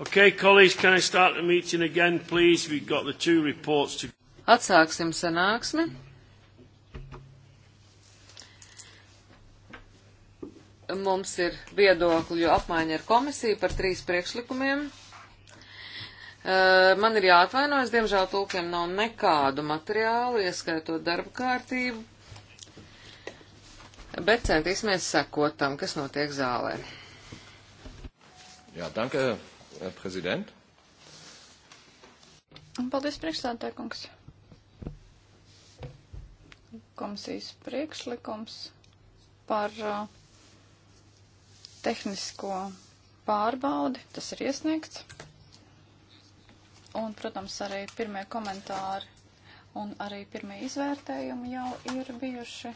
Okay, colleagues, can I start the meeting again, please? We've got the two reports to... Atsāksim sanāksmi. Mums ir viedokļu apmaiņa ar komisiju par trīs priekšlikumiem. Man ir jāatvainojas, diemžēl tulkiem nav nekādu materiālu, ieskaitot darba kārtību, bet centīsimies sekot tam, kas notiek zālē. Jā, danke. Präsident. Paldies, priekšstādākungs. Komisijas priekšlikums par uh, tehnisko pārbaudi, tas ir iesniegts. Un, protams, arī pirmie komentāri un arī pirmie izvērtējumi jau ir bijuši.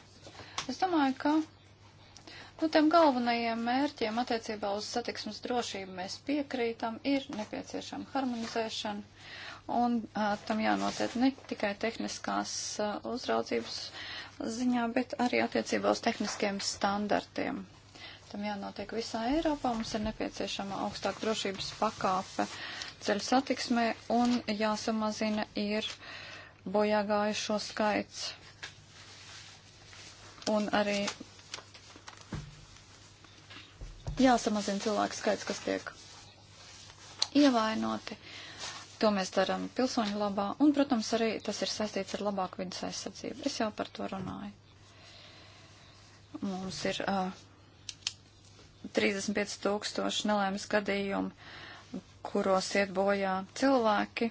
Es domāju, ka Nu, tiem galvenajiem mērķiem attiecībā uz satiksmes drošību mēs piekrītam, ir nepieciešama harmonizēšana, un uh, tam jānotiek ne tikai tehniskās uh, uzraudzības ziņā, bet arī attiecībā uz tehniskiem standartiem. Tam jānotiek visā Eiropā, mums ir nepieciešama augstāka drošības pakāpe ceļu satiksmē un jāsamazina ir bojāgājušo skaits un arī jāsamazina cilvēku skaits, kas tiek ievainoti. To mēs darām pilsoņu labā, un, protams, arī tas ir saistīts ar labāku vidas aizsardzību. Es jau par to runāju. Mums ir uh, 35 tūkstoši nelēmas gadījumu, kuros iet bojā cilvēki,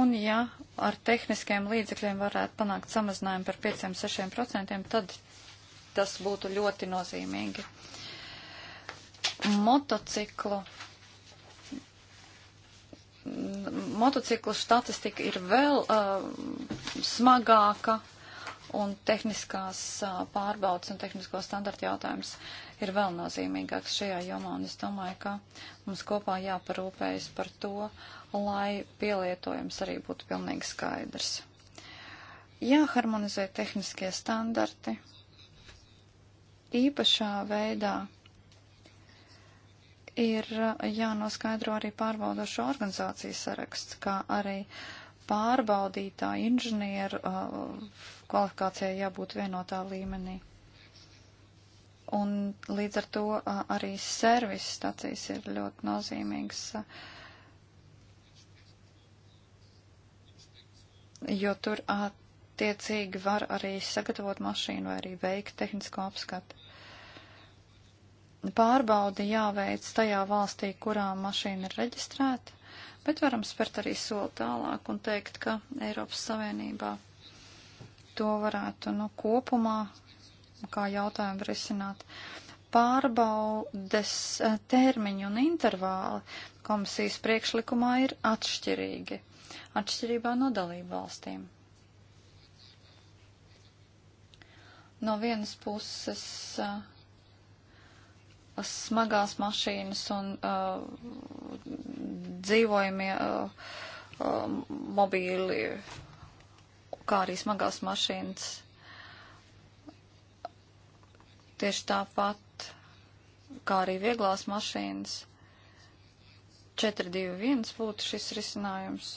un ja ar tehniskiem līdzekļiem varētu panākt samazinājumu par 5-6%, tad tas būtu ļoti nozīmīgi. Uh, motociklu. Motociklu statistika ir vēl uh, smagāka un tehniskās uh, pārbaudas un tehnisko standartu jautājums ir vēl nozīmīgāks šajā jomā, un es domāju, ka mums kopā jāparūpējas par to, lai pielietojums arī būtu pilnīgi skaidrs. Jāharmonizē tehniskie standarti īpašā veidā ir uh, jānoskaidro arī pārbaudošo organizāciju saraksts, kā arī pārbaudītāju inženieru uh, kvalifikācijai jābūt vienotā līmenī. Un līdz ar to uh, arī servis stacijas ir ļoti nozīmīgas, jo tur attiecīgi var arī sagatavot mašīnu vai arī veikt tehnisko apskatu pārbaudi jāveic tajā valstī, kurā mašīna ir reģistrēta, bet varam spērt arī soli tālāk un teikt, ka Eiropas Savienībā to varētu nu, kopumā kā jautājumu risināt. Pārbaudes eh, termiņi un intervāli komisijas priekšlikumā ir atšķirīgi, atšķirībā no dalību valstīm. No vienas puses uh, smagās mašīnas un uh, dzīvojamie uh, uh, mobīli, kā arī smagās mašīnas. Tieši tāpat, kā arī vieglās mašīnas. 4-2-1 būtu šis risinājums.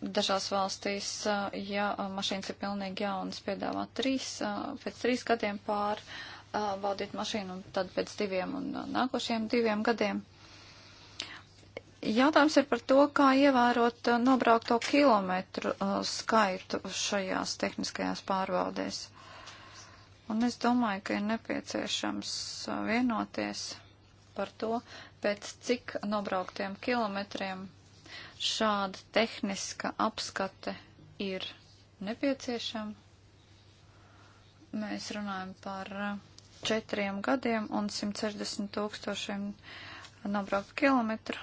Dažās valstīs, uh, ja uh, mašīnas ir pilnīgi jaunas, piedāvā 3, uh, pēc 3 gadiem pār baudīt uh, mašīnu un tad pēc diviem un uh, nākošiem diviem gadiem. Jautājums ir par to, kā ievērot uh, nobraukto kilometru skaitu šajās tehniskajās pārbaudēs. Un es domāju, ka ir nepieciešams vienoties par to, pēc cik nobrauktiem kilometriem šāda tehniska apskate ir nepieciešama. Mēs runājam par uh, četriem gadiem un 160 tūkstošiem nobraukt kilometru.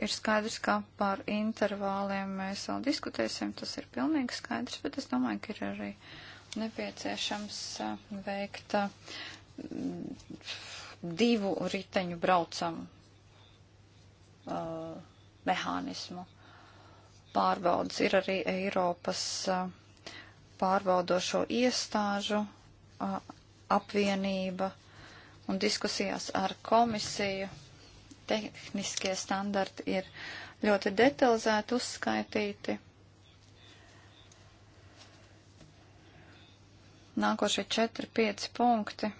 Ir skaidrs, ka par intervāliem mēs vēl diskutēsim, tas ir pilnīgi skaidrs, bet es domāju, ka ir arī nepieciešams veikt divu riteņu braucamu uh, mehānismu pārbaudas. Ir arī Eiropas uh, pārvaldošo iestāžu apvienība un diskusijās ar komisiju. Tehniskie standarti ir ļoti detalizēti uzskaitīti. Nākošie 4-5 punkti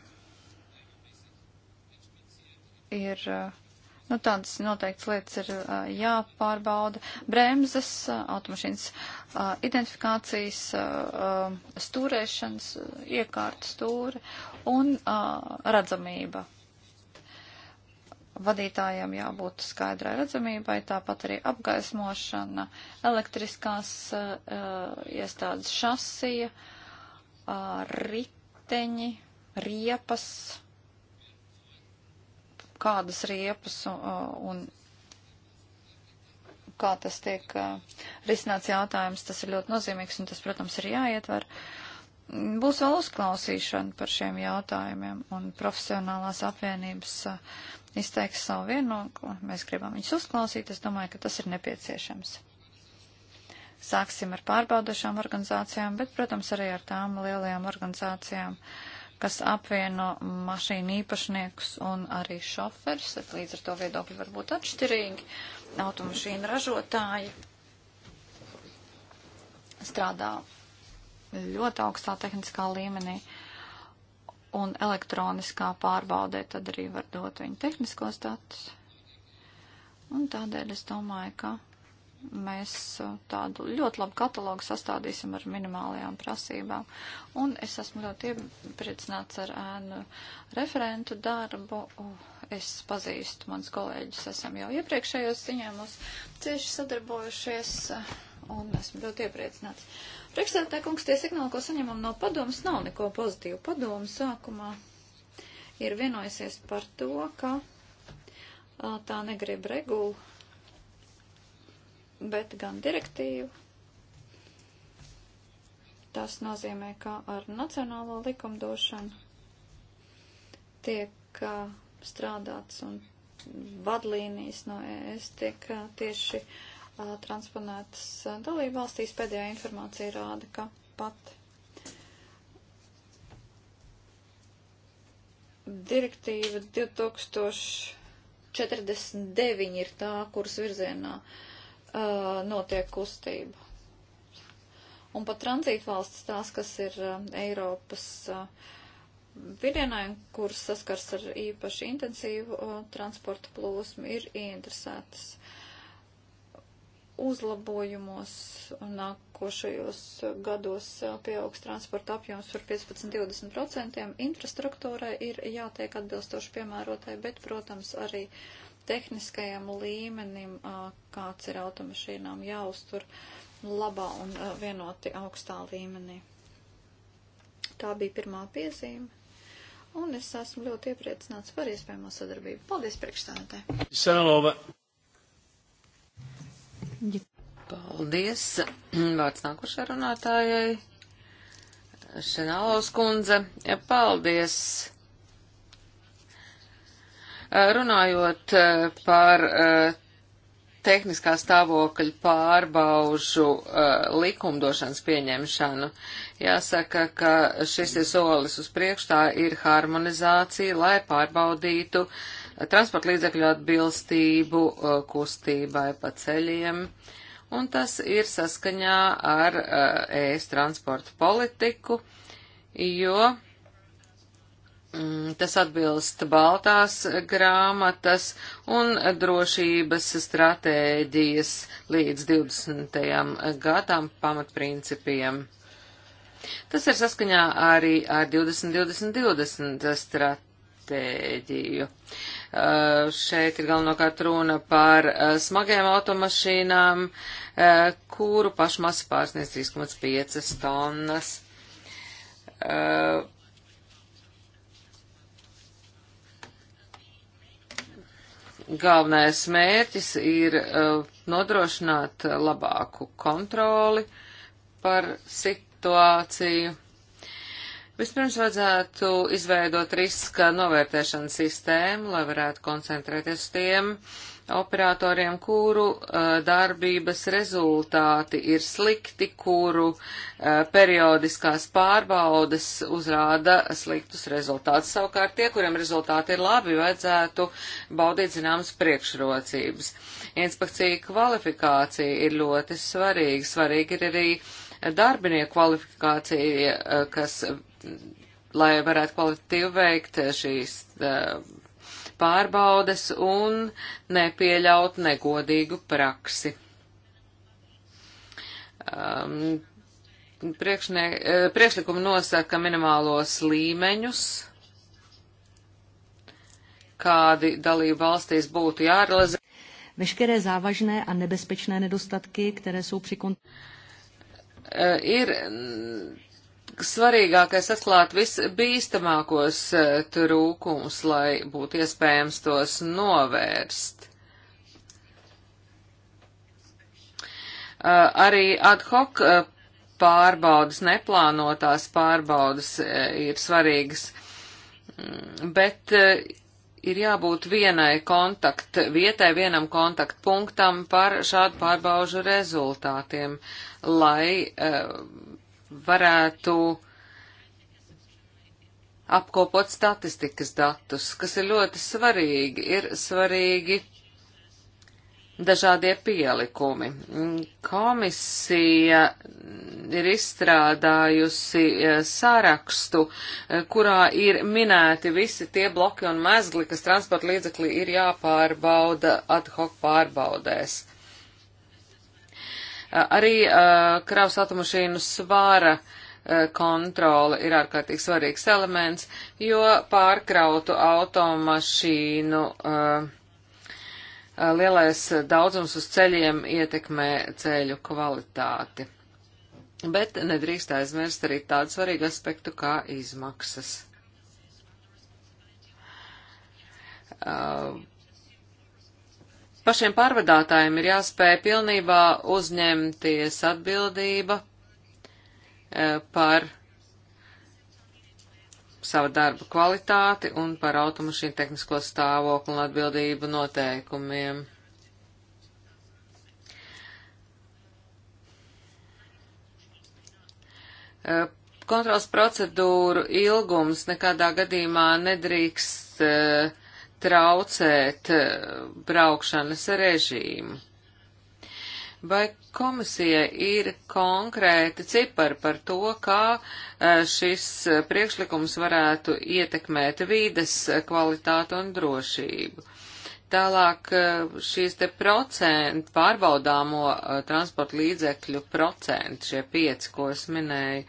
ir uh, Nu, tādas noteikts lietas ir uh, jāpārbauda. Bremzes, uh, automašīnas uh, identifikācijas, uh, stūrēšanas, uh, iekārta stūri un uh, redzamība. Vadītājiem jābūt skaidrai redzamībai, tāpat arī apgaismošana, elektriskās uh, iestādes šasija, uh, riteņi, riepas kādas riepas un, un kā tas tiek e, risināts jautājums, tas ir ļoti nozīmīgs un tas, protams, ir jāietver. Būs vēl uzklausīšana par šiem jautājumiem un profesionālās apvienības e, izteiks savu vienokli. Mēs gribam viņus uzklausīt, es domāju, ka tas ir nepieciešams. Sāksim ar pārbaudošām organizācijām, bet, protams, arī ar tām lielajām organizācijām. Uh, kas apvieno mašīnu īpašniekus un arī šoferus. Līdz ar to viedokļi var būt atšķirīgi. Automašīnu ražotāji strādā ļoti augstā tehniskā līmenī un elektroniskā pārbaudē tad arī var dot viņu tehniskos datus. Un tādēļ es domāju, ka mēs uh, tādu ļoti labu katalogu sastādīsim ar minimālajām prasībām. Un es esmu ļoti iepriecināts ar ēnu referentu darbu. Uh, es pazīstu mans kolēģis, esam jau iepriekšējos ziņojumos cieši sadarbojušies uh, un esmu ļoti iepriecināts. Priekšsēdētāj kungs, tie signāli, ko saņemam no padomas, nav neko pozitīvu. Padomu sākumā ir vienojusies par to, ka tā negrib regulu bet gan direktīvu. Tas nozīmē, ka ar nacionālo likumdošanu tiek uh, strādāts un vadlīnijas no ES tiek uh, tieši uh, transponētas uh, dalību valstīs. Pēdējā informācija rāda, ka pat direktīva 2049 ir tā, kuras virzienā uh, uh, notiek kustība. Un pat tranzītvalstis tās, kas ir uh, Eiropas uh, vidienai, kuras saskars ar īpaši intensīvu uh, transporta plūsmu, ir ieinteresētas uzlabojumos nākošajos uh, gados uh, pieaugs transporta apjoms par 15-20%. Infrastruktūrai ir jātiek atbilstoši piemērotai, bet, protams, arī uh, tehniskajam līmenim, kāds ir automašīnām jāuztur labā un vienoti augstā līmenī. Tā bija pirmā piezīme. Un es esmu ļoti iepriecināts par iespējamo sadarbību. Paldies priekšstādē. Senalova. Paldies. Vārds nākošā runātājai. Šenālovs kundze. Ja, paldies. Eh, runājot eh, par eh, tehniskā stāvokļa pārbaužu likumdošanas pieņemšanu, jāsaka, ka šis ir solis uz priekšu, tā ir harmonizācija, lai pārbaudītu transporta līdzekļu atbilstību kustībai pa ceļiem, un tas ir saskaņā ar ēst transporta politiku, jo Mm, tas atbilst baltās grāmatas un drošības stratēģijas līdz 20. gadam pamatprincipiem. Tas ir saskaņā arī ar 20-20-20 stratēģiju. Uh, šeit ir galvenokārt runa par uh, smagajām automašīnām, uh, kuru pašmasa pārsniedz 3,5 tonnas Galvenais mērķis ir uh, nodrošināt labāku kontroli par situāciju. Vispirms vajadzētu izveidot riska novērtēšanas sistēmu, lai varētu koncentrēties uz tiem uh, operatoriem, kuru uh, darbības rezultāti ir slikti, kuru uh, periodiskās pārbaudas uzrāda sliktus rezultātus. Savukārt tie, kuriem rezultāti ir labi, vajadzētu baudīt zināmas priekšrocības. Inspekcija kvalifikācija ir ļoti svarīga. Svarīgi ir arī darbinieku kvalifikācija, kas lai varētu kvalitīvi veikt šīs uh, veikt pārbaudes un nepieļaut negodīgu praksi. Um, priekšnie, eh, priekšlikumi nosaka minimālos līmeņus, kādi dalību valstīs būtu jārealizē. Veškeré závažné a nebezpečné nedostatky, které jsou při kont... Eh, ir svarīgākais atklāt visbīstamākos eh, trūkumus, lai būtu iespējams tos novērst. Eh, arī ad hoc eh, pārbaudas, neplānotās pārbaudas ir svarīgas, mm, bet ir jābūt vienai kontakt vietai, vienam kontaktpunktam par šādu pārbaužu rezultātiem, lai uh, varētu apkopot statistikas datus, kas ir ļoti svarīgi. Ir svarīgi dažādie pielikumi. Komisija ir izstrādājusi e, sārakstu, e, kurā ir minēti visi tie bloki un mezgli, kas transporta līdzeklī ir jāpārbauda ad hoc pārbaudēs. Arī kravas automašīnu svāra kontrole ir ārkārtīgi svarīgs elements, jo pārkrautu automašīnu uh, lielais daudzums uz ceļiem ietekmē ceļu kvalitāti. Bet nedrīkst aizmirst arī tādu svarīgu aspektu kā izmaksas. Uh, Pašiem pārvadātājiem ir jāspēj pilnībā uzņemties atbildība e, par savu darbu kvalitāti un par automašīnu tehnisko stāvokli un atbildību noteikumiem. E, kontrols procedūru ilgums nekādā gadījumā nedrīkst uh, traucēt eh, braukšanas režīmu. Vai komisija ir konkrēti cipari par to, kā eh, šis priekšlikums varētu ietekmēt vīdes kvalitātu un drošību? Tālāk eh, šīs te procentu pārbaudāmo transporta līdzekļu procentu, šie pieci, ko es minēju,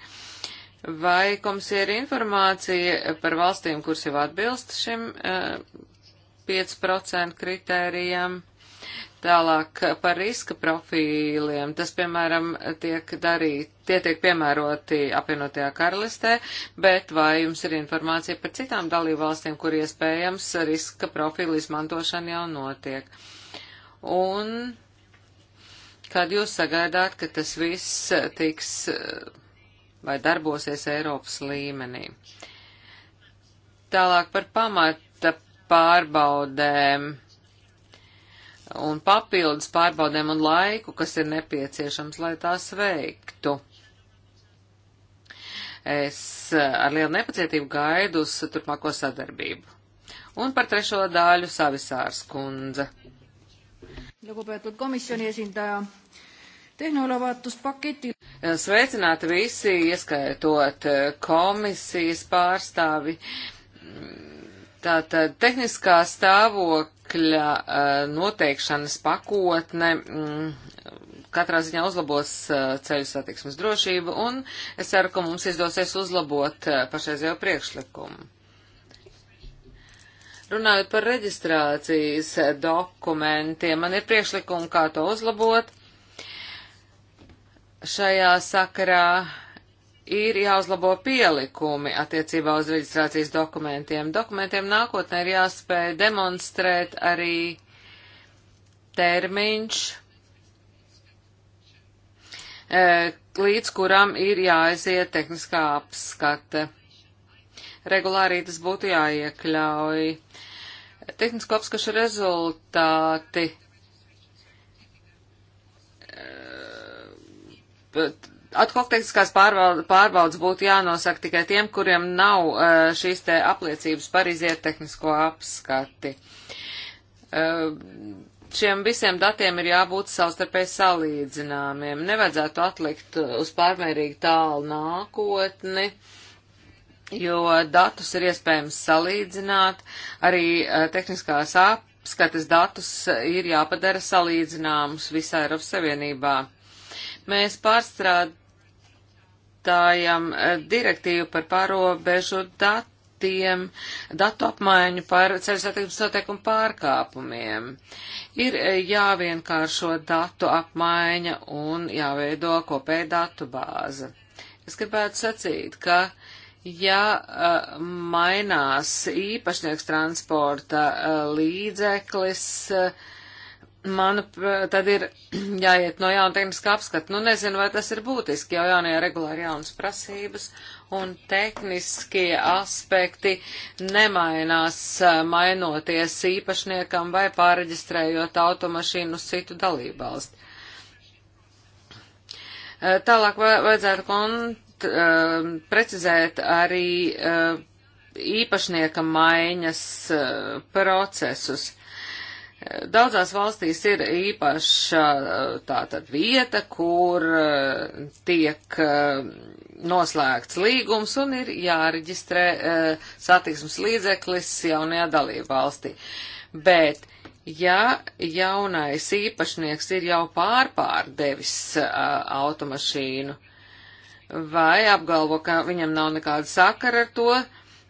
vai komisija ir informācija par valstīm, kuras jau atbilst šim 5% kritērijam. Tālāk par riska profīliem. Tas, piemēram, tiek darīt, tie tiek piemēroti apvienotajā karalistē, bet vai jums ir informācija par citām dalībvalstīm, kur iespējams riska profīla izmantošana jau notiek? Un kad jūs sagaidāt, ka tas viss tiks vai darbosies Eiropas līmenī? Tālāk par pamat pārbaudēm un papildus pārbaudēm un laiku, kas ir nepieciešams, lai tās veiktu. Es ar lielu nepacietību gaidu uz turpmāko sadarbību. Un par trešo daļu Savisārs kundze. Lugupeetud komisjoni esindaja, tehnoloovaatuspaketi. Sveicināti visi, ieskaitot komisijas pārstāvi Tātad tehniskā stāvokļa e, noteikšanas pakotne mm, katrā ziņā uzlabos e, ceļu satiksmes drošību, un es ceru, ka mums izdosies uzlabot e, pašreizējo priekšlikumu. Runājot par reģistrācijas dokumentiem, man ir priekšlikumi, kā to uzlabot. Šajā sakarā ir jāuzlabo pielikumi attiecībā uz reģistrācijas dokumentiem. Dokumentiem nākotnē ir jāspēj demonstrēt arī termiņš, e, līdz kuram ir jāaiziet tehniskā apskate. Regulārī tas būtu jāiekļauj. Tehnisko apskašu rezultāti e, Atkal tehniskās pārbaudas būtu jānosaka tikai tiem, kuriem nav uh, šīs te apliecības par iziet tehnisko apskati. Uh, šiem visiem datiem ir jābūt savstarpēji salīdzināmiem. Nevajadzētu atlikt uz pārmērīgi tālu nākotni, jo datus ir iespējams salīdzināt. Arī uh, tehniskās apskates datus ir jāpadara salīdzināmus visā Eiropas Savienībā. Mēs pārstrādājam izstrādājam eh, direktīvu par pārobežu datiem, datu apmaiņu par ceļu satiksmes noteikumu pārkāpumiem. Ir eh, jāvienkāršo datu apmaiņa un jāveido kopēja datu bāze. Es gribētu sacīt, ka ja uh, mainās īpašnieks transporta uh, līdzeklis, uh, man tad ir jāiet no jauna tehniska apskata. Nu, nezinu, vai tas ir būtiski, jo jaunajā regulā ir jaunas prasības un tehniskie aspekti nemainās, mainoties īpašniekam vai pāreģistrējot automašīnu uz citu dalībvalsti. Tālāk vajadzētu kont, precizēt arī īpašnieka maiņas procesus Daudzās valstīs ir īpaša eh, tātad vieta, kur eh, tiek eh, noslēgts līgums un ir jāreģistrē satiksmes līdzeklis jaunajā dalība valstī. Bet, ja jaunais īpašnieks ir jau pārpārdevis automašīnu vai apgalvo, ka viņam nav nekāda sakara ar to,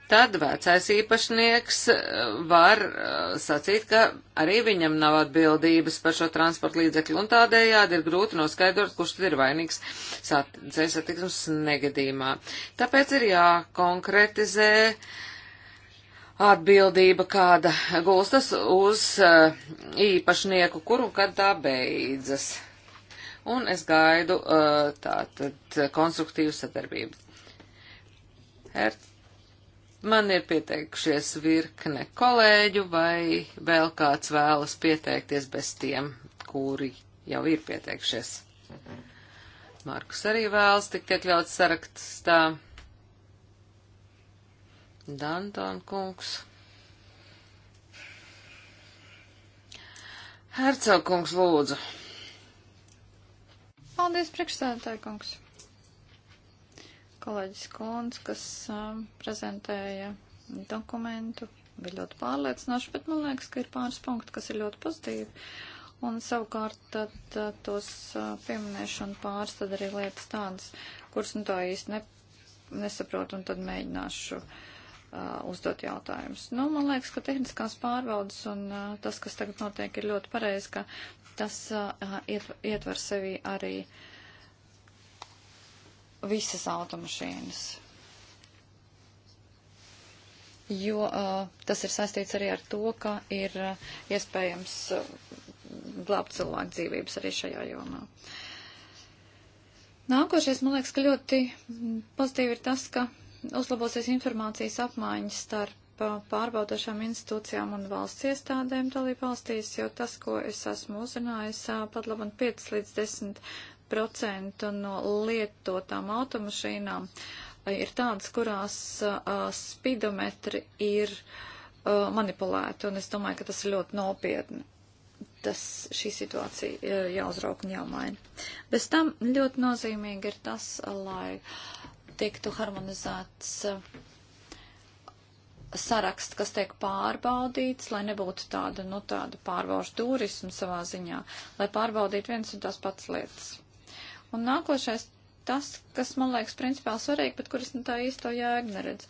tad vecais īpašnieks eh, var eh, sacīt, ka arī viņam nav atbildības par šo transporta līdzekļu, un tādējādi ir grūti noskaidrot, kurš tad ir vainīgs ceļa satiksmes negadījumā. Tāpēc ir jākonkretizē atbildība, kāda gulstas uz eh, īpašnieku, kuru kad tā beidzas. Un es gaidu tātad konstruktīvu sadarbību. Herc. Man ir pieteikušies virkne kolēģu, vai vēl kāds vēlas pieteikties bez tiem, kuri jau ir pieteikušies. Markus arī vēlas tikt iekļauts sarakstā. Danton kungs. Hercog kungs lūdzu. Paldies, priekšstādātāji kungs kolēģis Kons, kas um, prezentēja dokumentu, bija ļoti pārliecinoši, bet man liekas, ka ir pāris punkti, kas ir ļoti pozitīvi. Un savukārt tad, tad tos uh, pieminēšu un pāris tad arī lietas tādas, kuras nu tā īsti ne, nesaprotu un tad mēģināšu uh, uzdot jautājumus. Nu, man liekas, ka tehniskās pārbaudas un uh, tas, kas tagad notiek, ir ļoti pareizi, ka tas uh, ietver, ietver sevi arī uh, visas automašīnas. Jo uh, tas ir saistīts arī ar to, ka ir uh, iespējams uh, glābt cilvēku dzīvības arī šajā jomā. Nākošais, man liekas, ka ļoti pozitīvi ir tas, ka uzlabosies informācijas apmaiņas starp uh, pārbaudošām institūcijām un valsts iestādēm dalību valstīs, jo tas, ko es esmu uzzinājis, uh, pat labam 5 līdz 10 10% no lietotām automašīnām ir tādas, kurās uh, spidometri ir uh, manipulēti, un es domāju, ka tas ir ļoti nopietni. Tas, šī situācija uh, jāuzrauk un jāmaina. Bez tam ļoti nozīmīgi ir tas, lai tiktu harmonizēts saraksts, kas tiek pārbaudīts, lai nebūtu tāda, nu, tāda pārbaužu turismu savā ziņā, lai pārbaudītu viens un tās pats lietas. Un nākošais tas, kas man liekas principāli svarīgi, bet kuras nu tā īsto jēgu neredz.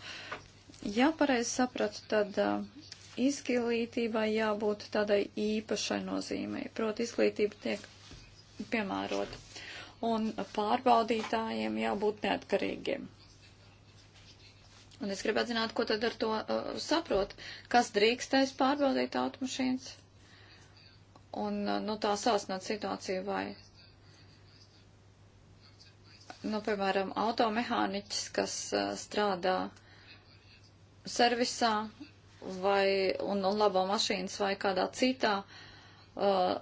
Ja pareizi sapratu, tad uh, izglītībai jābūt tādai īpašai nozīmei. Proti, izglītība tiek piemērota. Un pārbaudītājiem jābūt neatkarīgiem. Un es gribētu zināt, ko tad ar to uh, saprot, kas drīkstēs pārbaudīt automašīnas un, uh, nu, tā sāsnāt situāciju vai nu, piemēram, automehāniķis, kas uh, strādā servisā vai un, un labo mašīnas vai kādā citā uh,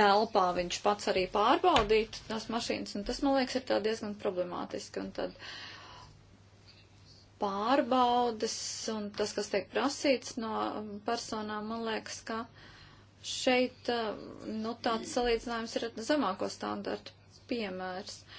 telpā viņš pats arī pārbaudītu tās mašīnas, un tas, man liekas, ir tā diezgan problemātiski. Un tad pārbaudes un tas, kas tiek prasīts no personām, man liekas, ka šeit, uh, nu, tāds salīdzinājums ir zemāko standartu piemērs. Uh,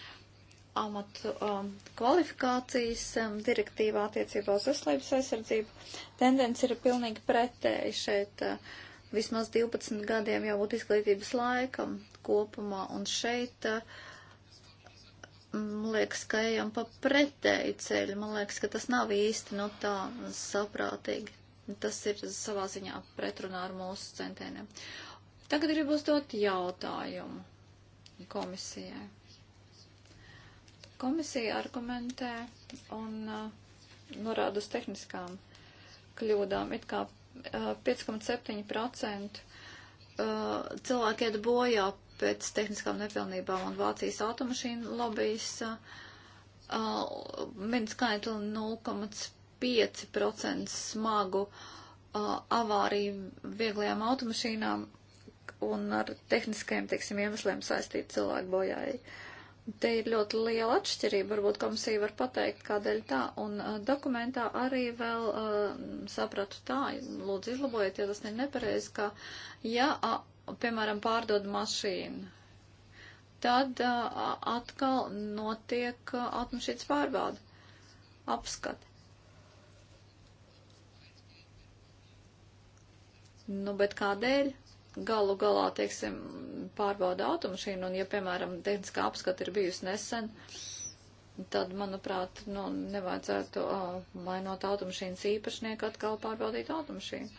amatu um, kvalifikācijas um, direktīvā attiecībā uz veselības aizsardzību. Tendence ir pilnīgi pretēji šeit. Uh, vismaz 12 gadiem jābūt izglītības laikam kopumā, un šeit uh, liekas, ka ejam pa pretēju ceļu. Man liekas, ka tas nav īsti no nu, tā saprātīgi. Tas ir savā ziņā pretrunā ar mūsu centieniem. Tagad gribu uzdot jautājumu komisijai. Komisija argumentē un uh, norāda uz tehniskām kļūdām. It kā uh, 5,7% uh, cilvēki iet bojā pēc tehniskām nepilnībām un Vācijas automašīnu lobijas uh, uh, min skaitli 0,5% smagu uh, avāriju vieglajām automašīnām un ar tehniskajiem, teiksim, iemesliem saistīt cilvēku bojāju. Uh, Te ir ļoti liela atšķirība, varbūt komisija var pateikt, kādēļ tā, un uh, dokumentā arī vēl uh, sapratu tā, lūdzu izlabojiet, ja tas ir nepareizi, ka, ja, a, piemēram, pārdod mašīnu, tad uh, atkal notiek uh, atmašītas pārbauda, apskata. Nu, bet kādēļ? galu galā, teiksim, pārbauda automašīnu, un ja, piemēram, tehniskā apskata ir bijusi nesen, tad, manuprāt, nu, nevajadzētu uh, mainot automašīnas īpašnieku atkal pārbaudīt automašīnu.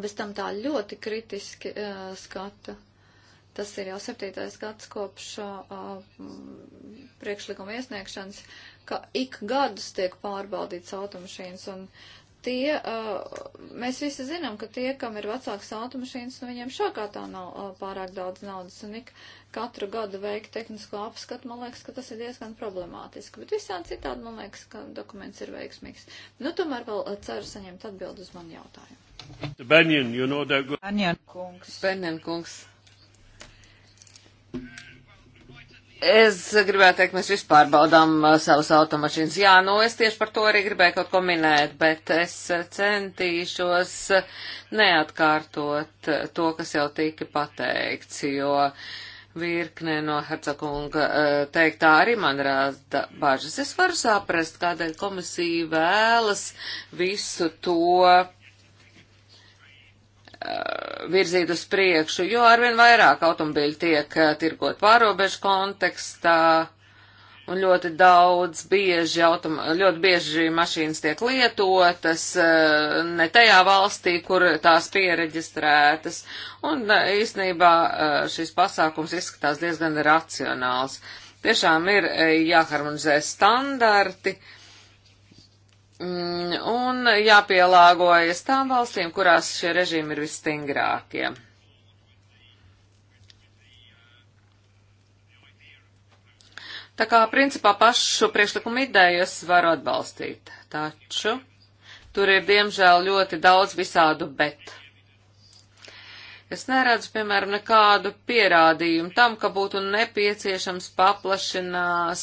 Bez tam tā ļoti kritiski uh, skata. Tas ir jau septītais gads kopš uh, priekšlikuma iesniegšanas, ka ik gadus tiek pārbaudīts automašīnas, un tie, uh, mēs visi zinām, ka tie, kam ir vecāks automašīnas, nu viņiem šākā tā nav uh, pārāk daudz naudas, un ik katru gadu veikt tehnisko apskatu, man liekas, ka tas ir diezgan problemātiski, bet visādi citādi, man liekas, ka dokuments ir veiksmīgs. Nu, tomēr vēl uh, ceru saņemt atbildi uz manu jautājumu. Benjan, you know that... Benjan kungs. Benjan kungs. Es gribētu teikt, mēs vispār baudām uh, savus automašīnas. Jā, nu es tieši par to arī gribēju kaut ko minēt, bet es uh, centīšos uh, neatkārtot to, kas jau tika pateikts, jo virkne no Hercegunga teiktā arī man rāda bažas. Es varu saprast, kādēļ komisija vēlas visu to Eh, virzīt uz priekšu, jo arvien vairāk automobīļu tiek eh, tirgot pārobežu kontekstā, un ļoti daudz bieži, autom, ļoti bieži mašīnas tiek lietotas eh, ne tajā valstī, kur tās piereģistrētas, un īsnībā šis pasākums izskatās diezgan racionāls. Tiešām ir jāharmonizē standarti, uh, Mm, un jāpielāgojas tām valstīm, kurās šie režīmi ir visstingrākie. Tā kā, principā, pašu priekšlikumu ideju es varu atbalstīt, taču tur ir, diemžēl, ļoti daudz visādu bet. Es neredzu, piemēram, nekādu pierādījumu tam, ka būtu nepieciešams paplašinās,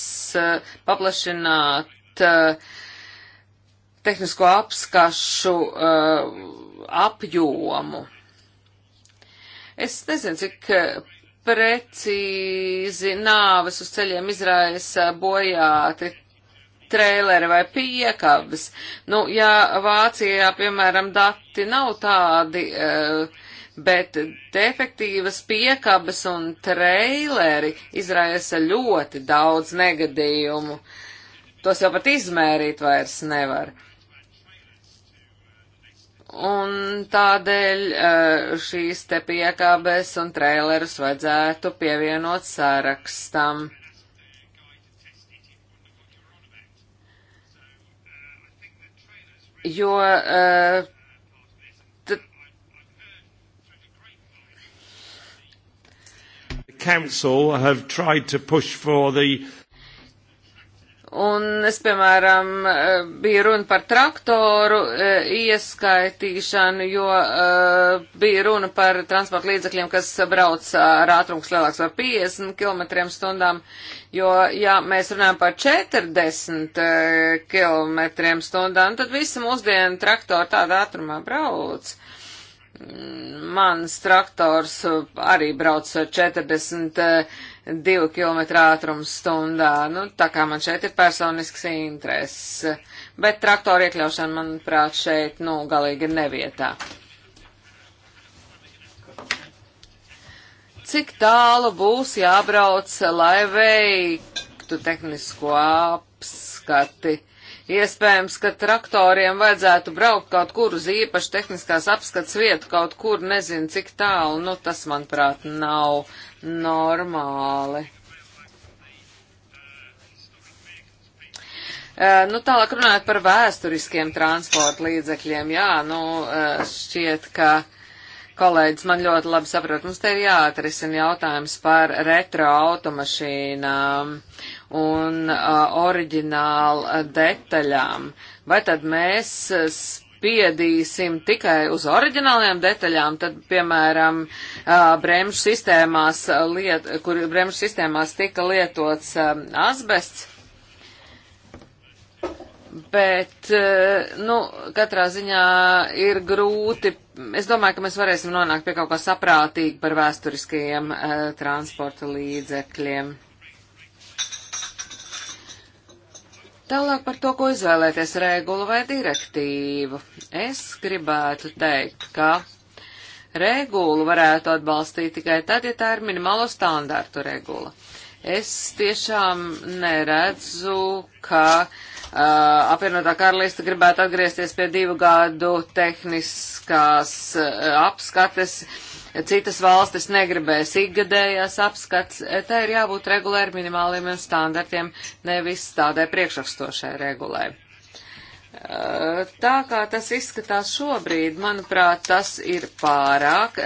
paplašināt uh, tehnisko apskašu uh, apjomu. Es nezinu, cik uh, precīzi nāves uz ceļiem izraisa bojāti trēleri vai piekabes. Nu, ja Vācijā, piemēram, dati nav tādi, uh, bet defektīvas piekabes un trēleri izraisa ļoti daudz negadījumu. Tos jau pat izmērīt vairs nevar. Uh, Un tādēļ eh, šīs te piekābes un trailerus vajadzētu pievienot sārakstam. Jo uh, council have tried to push for the Un es, piemēram, eh, bija runa par traktoru eh, ieskaitīšanu, jo eh, bija runa par transporta līdzekļiem, kas brauc ar ātrums lielāks par 50 km stundām, jo, ja mēs runājam par 40 km stundām, tad visi mūsdienu traktori tādā ātrumā brauc. Mm, mans traktors arī brauc 40 km 2 km ātrums stundā. Nu, tā kā man šeit ir personisks interesi. Bet traktoru iekļaušana, manuprāt, šeit, nu, galīgi nevietā. Cik tālu būs jābrauc, lai veiktu tehnisko apskati? Iespējams, ka traktoriem vajadzētu braukt kaut kur uz īpašu tehniskās apskats vietu, kaut kur nezinu, cik tālu, nu tas, manuprāt, nav normāli. Eh, nu, tālāk runājot par vēsturiskiem transporta līdzekļiem, jā, nu, eh, šķiet, ka kolēģis man ļoti labi saprot, mums te ir jāatrisina jautājums par retro automašīnām un eh, oriģinālu detaļām. Vai tad mēs spiedīsim tikai uz oriģinālajām detaļām, tad, piemēram, bremžu sistēmās, liet, kur bremžu sistēmās tika lietots asbests, bet, nu, katrā ziņā ir grūti. Es domāju, ka mēs varēsim nonākt pie kaut kā saprātīga par vēsturiskajiem transporta līdzekļiem. Tālāk par to, ko izvēlēties regulu vai direktīvu. Es gribētu teikt, ka regulu varētu atbalstīt tikai tad, ja tā ir minimālo standārtu regula. Es tiešām neredzu, ka uh, apvienotā karalista gribētu atgriezties pie divu gadu tehniskās uh, apskates. Uh, citas valstis negribēs ikgadējās apskats, tā ir jābūt regulēri minimāliem standartiem, nevis tādai priekšrakstošai regulē. Eh, tā kā tas izskatās šobrīd, manuprāt, tas ir pārāk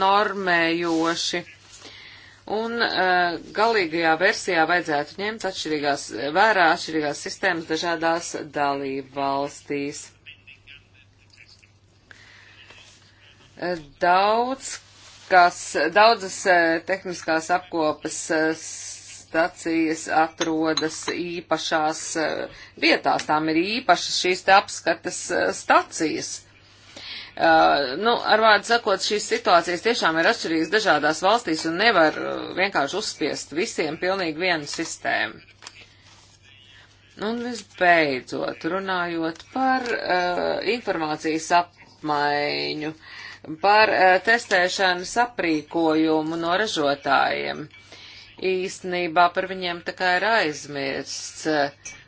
normējoši. Un eh, galīgajā versijā vajadzētu ņemt atšķirīgās, vērā atšķirīgās sistēmas dažādās dalību valstīs. Daudz, kas, daudzas eh, tehniskās apkopes eh, stacijas atrodas īpašās eh, vietās, tām ir īpašas šīs te apskates stacijas. Uh, nu, ar vārdu sakot, šīs situācijas tiešām ir atšķirīgas dažādās valstīs un nevar vienkārši uzspiest visiem pilnīgi vienu sistēmu. Nu, un visbeidzot, runājot par uh, informācijas apmaiņu. Uh, par eh, testēšanas aprīkojumu no ražotājiem. Īsnībā par viņiem tā kā ir aizmirsts,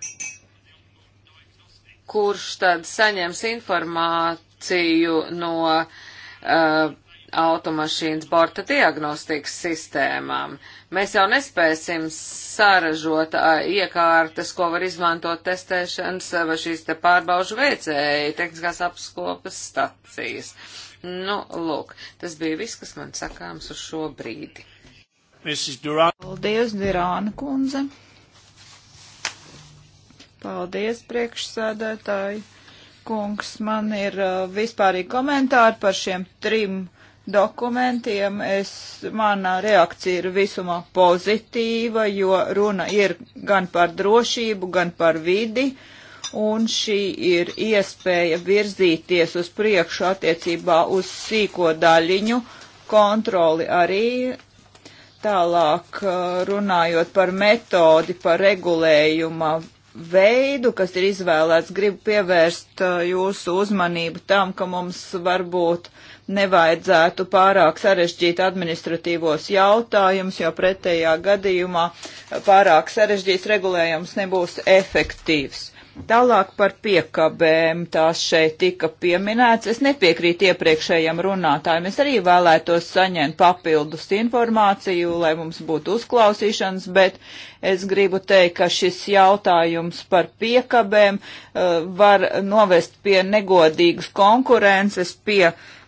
kurš tad saņems informāciju no uh, automašīnas borta diagnostikas sistēmām. Mēs jau nespēsim saražot eh, iekārtas, ko var izmantot testēšanas vai šīs te pārbaužu veicēji, tehniskās apskopas stacijas. Uh, Nu, lūk, tas bija viss, kas man sakāms uz šo brīdi. Paldies, Dirāna kundze. Paldies, priekšsēdētāji. Kungs, man ir uh, vispārīgi komentāri par šiem trim dokumentiem. Es, mana reakcija ir visumā pozitīva, jo runa ir gan par drošību, gan par vidi. Uh, un šī ir iespēja virzīties uz priekšu attiecībā uz sīko daļiņu kontroli arī. Tālāk uh, runājot par metodi, par regulējuma veidu, kas ir izvēlēts, gribu pievērst uh, jūsu uzmanību tam, ka mums varbūt nevajadzētu pārāk sarežģīt administratīvos jautājumus, jo pretējā gadījumā pārāk sarežģīts regulējums nebūs efektīvs. Tālāk par piekabēm tās šeit tika pieminēts. Es nepiekrītu iepriekšējiem runātājiem. Es arī vēlētos saņemt papildus informāciju, lai mums būtu uzklausīšanas, bet es gribu teikt, ka šis jautājums par piekabēm uh, var novest pie negodīgas konkurences, pie uh,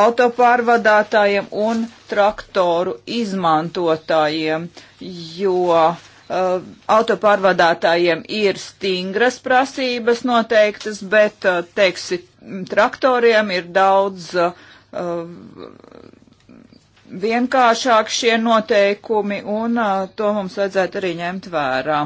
autopārvadātājiem un traktoru izmantotājiem, jo uh, Uh, autopārvadātājiem ir stingras prasības noteiktas, bet, uh, teiksim, traktoriem ir daudz uh, vienkāršāk šie noteikumi, un to mums vajadzētu arī ņemt vērā.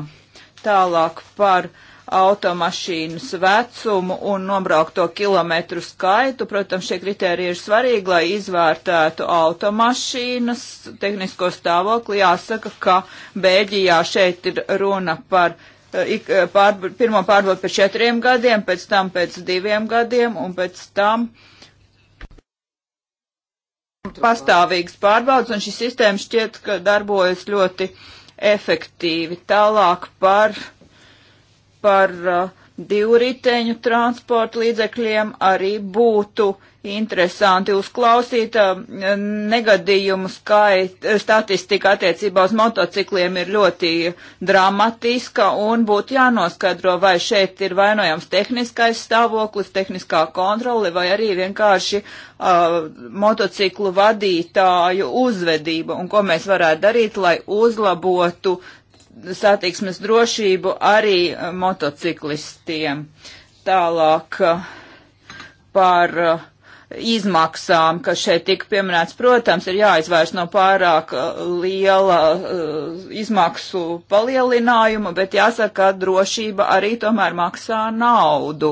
Tālāk par uh, automašīnas vecumu un nobraukto kilometru skaitu. Protams, šie kriteriji ir svarīgi, lai izvērtētu automašīnas tehnisko stāvokli. Jāsaka, ka Bēļģijā šeit ir runa par eh, ik, eh, pār, pirmo pārbaudu pēc četriem gadiem, pēc tam pēc diviem gadiem un pēc tam pastāvīgas pārbaudas, un šī sistēma šķiet, ka darbojas ļoti efektīvi. Tālāk par uh, par uh, divriteņu transporta līdzekļiem arī būtu interesanti uzklausīt. Uh, negadījumu skait, statistika attiecībā uz motocikliem ir ļoti dramatiska un būtu jānoskaidro, vai šeit ir vainojams tehniskais stāvoklis, tehniskā kontrole vai arī vienkārši uh, motociklu vadītāju uzvedība un ko mēs varētu darīt, lai uzlabotu satiksmes drošību arī eh, motociklistiem. Tālāk eh, par eh, izmaksām, kas šeit tika pieminēts, protams, ir jāizvairs no pārāk liela uh, izmaksu palielinājuma, bet jāsaka, ka drošība arī tomēr maksā naudu.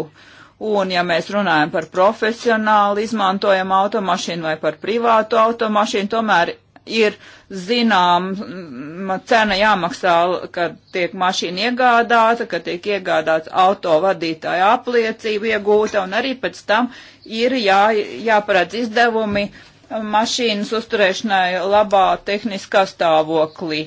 Un, ja mēs runājam par profesionāli izmantojamu automašīnu vai par privātu automašīnu, tomēr ir zināma mm, cena jāmaksā, kad tiek mašīna iegādāta, kad tiek iegādāts auto vadītāja apliecība iegūta, un arī pēc tam ir jā, jāparedz izdevumi mašīnas uzturēšanai labā tehniskā stāvoklī.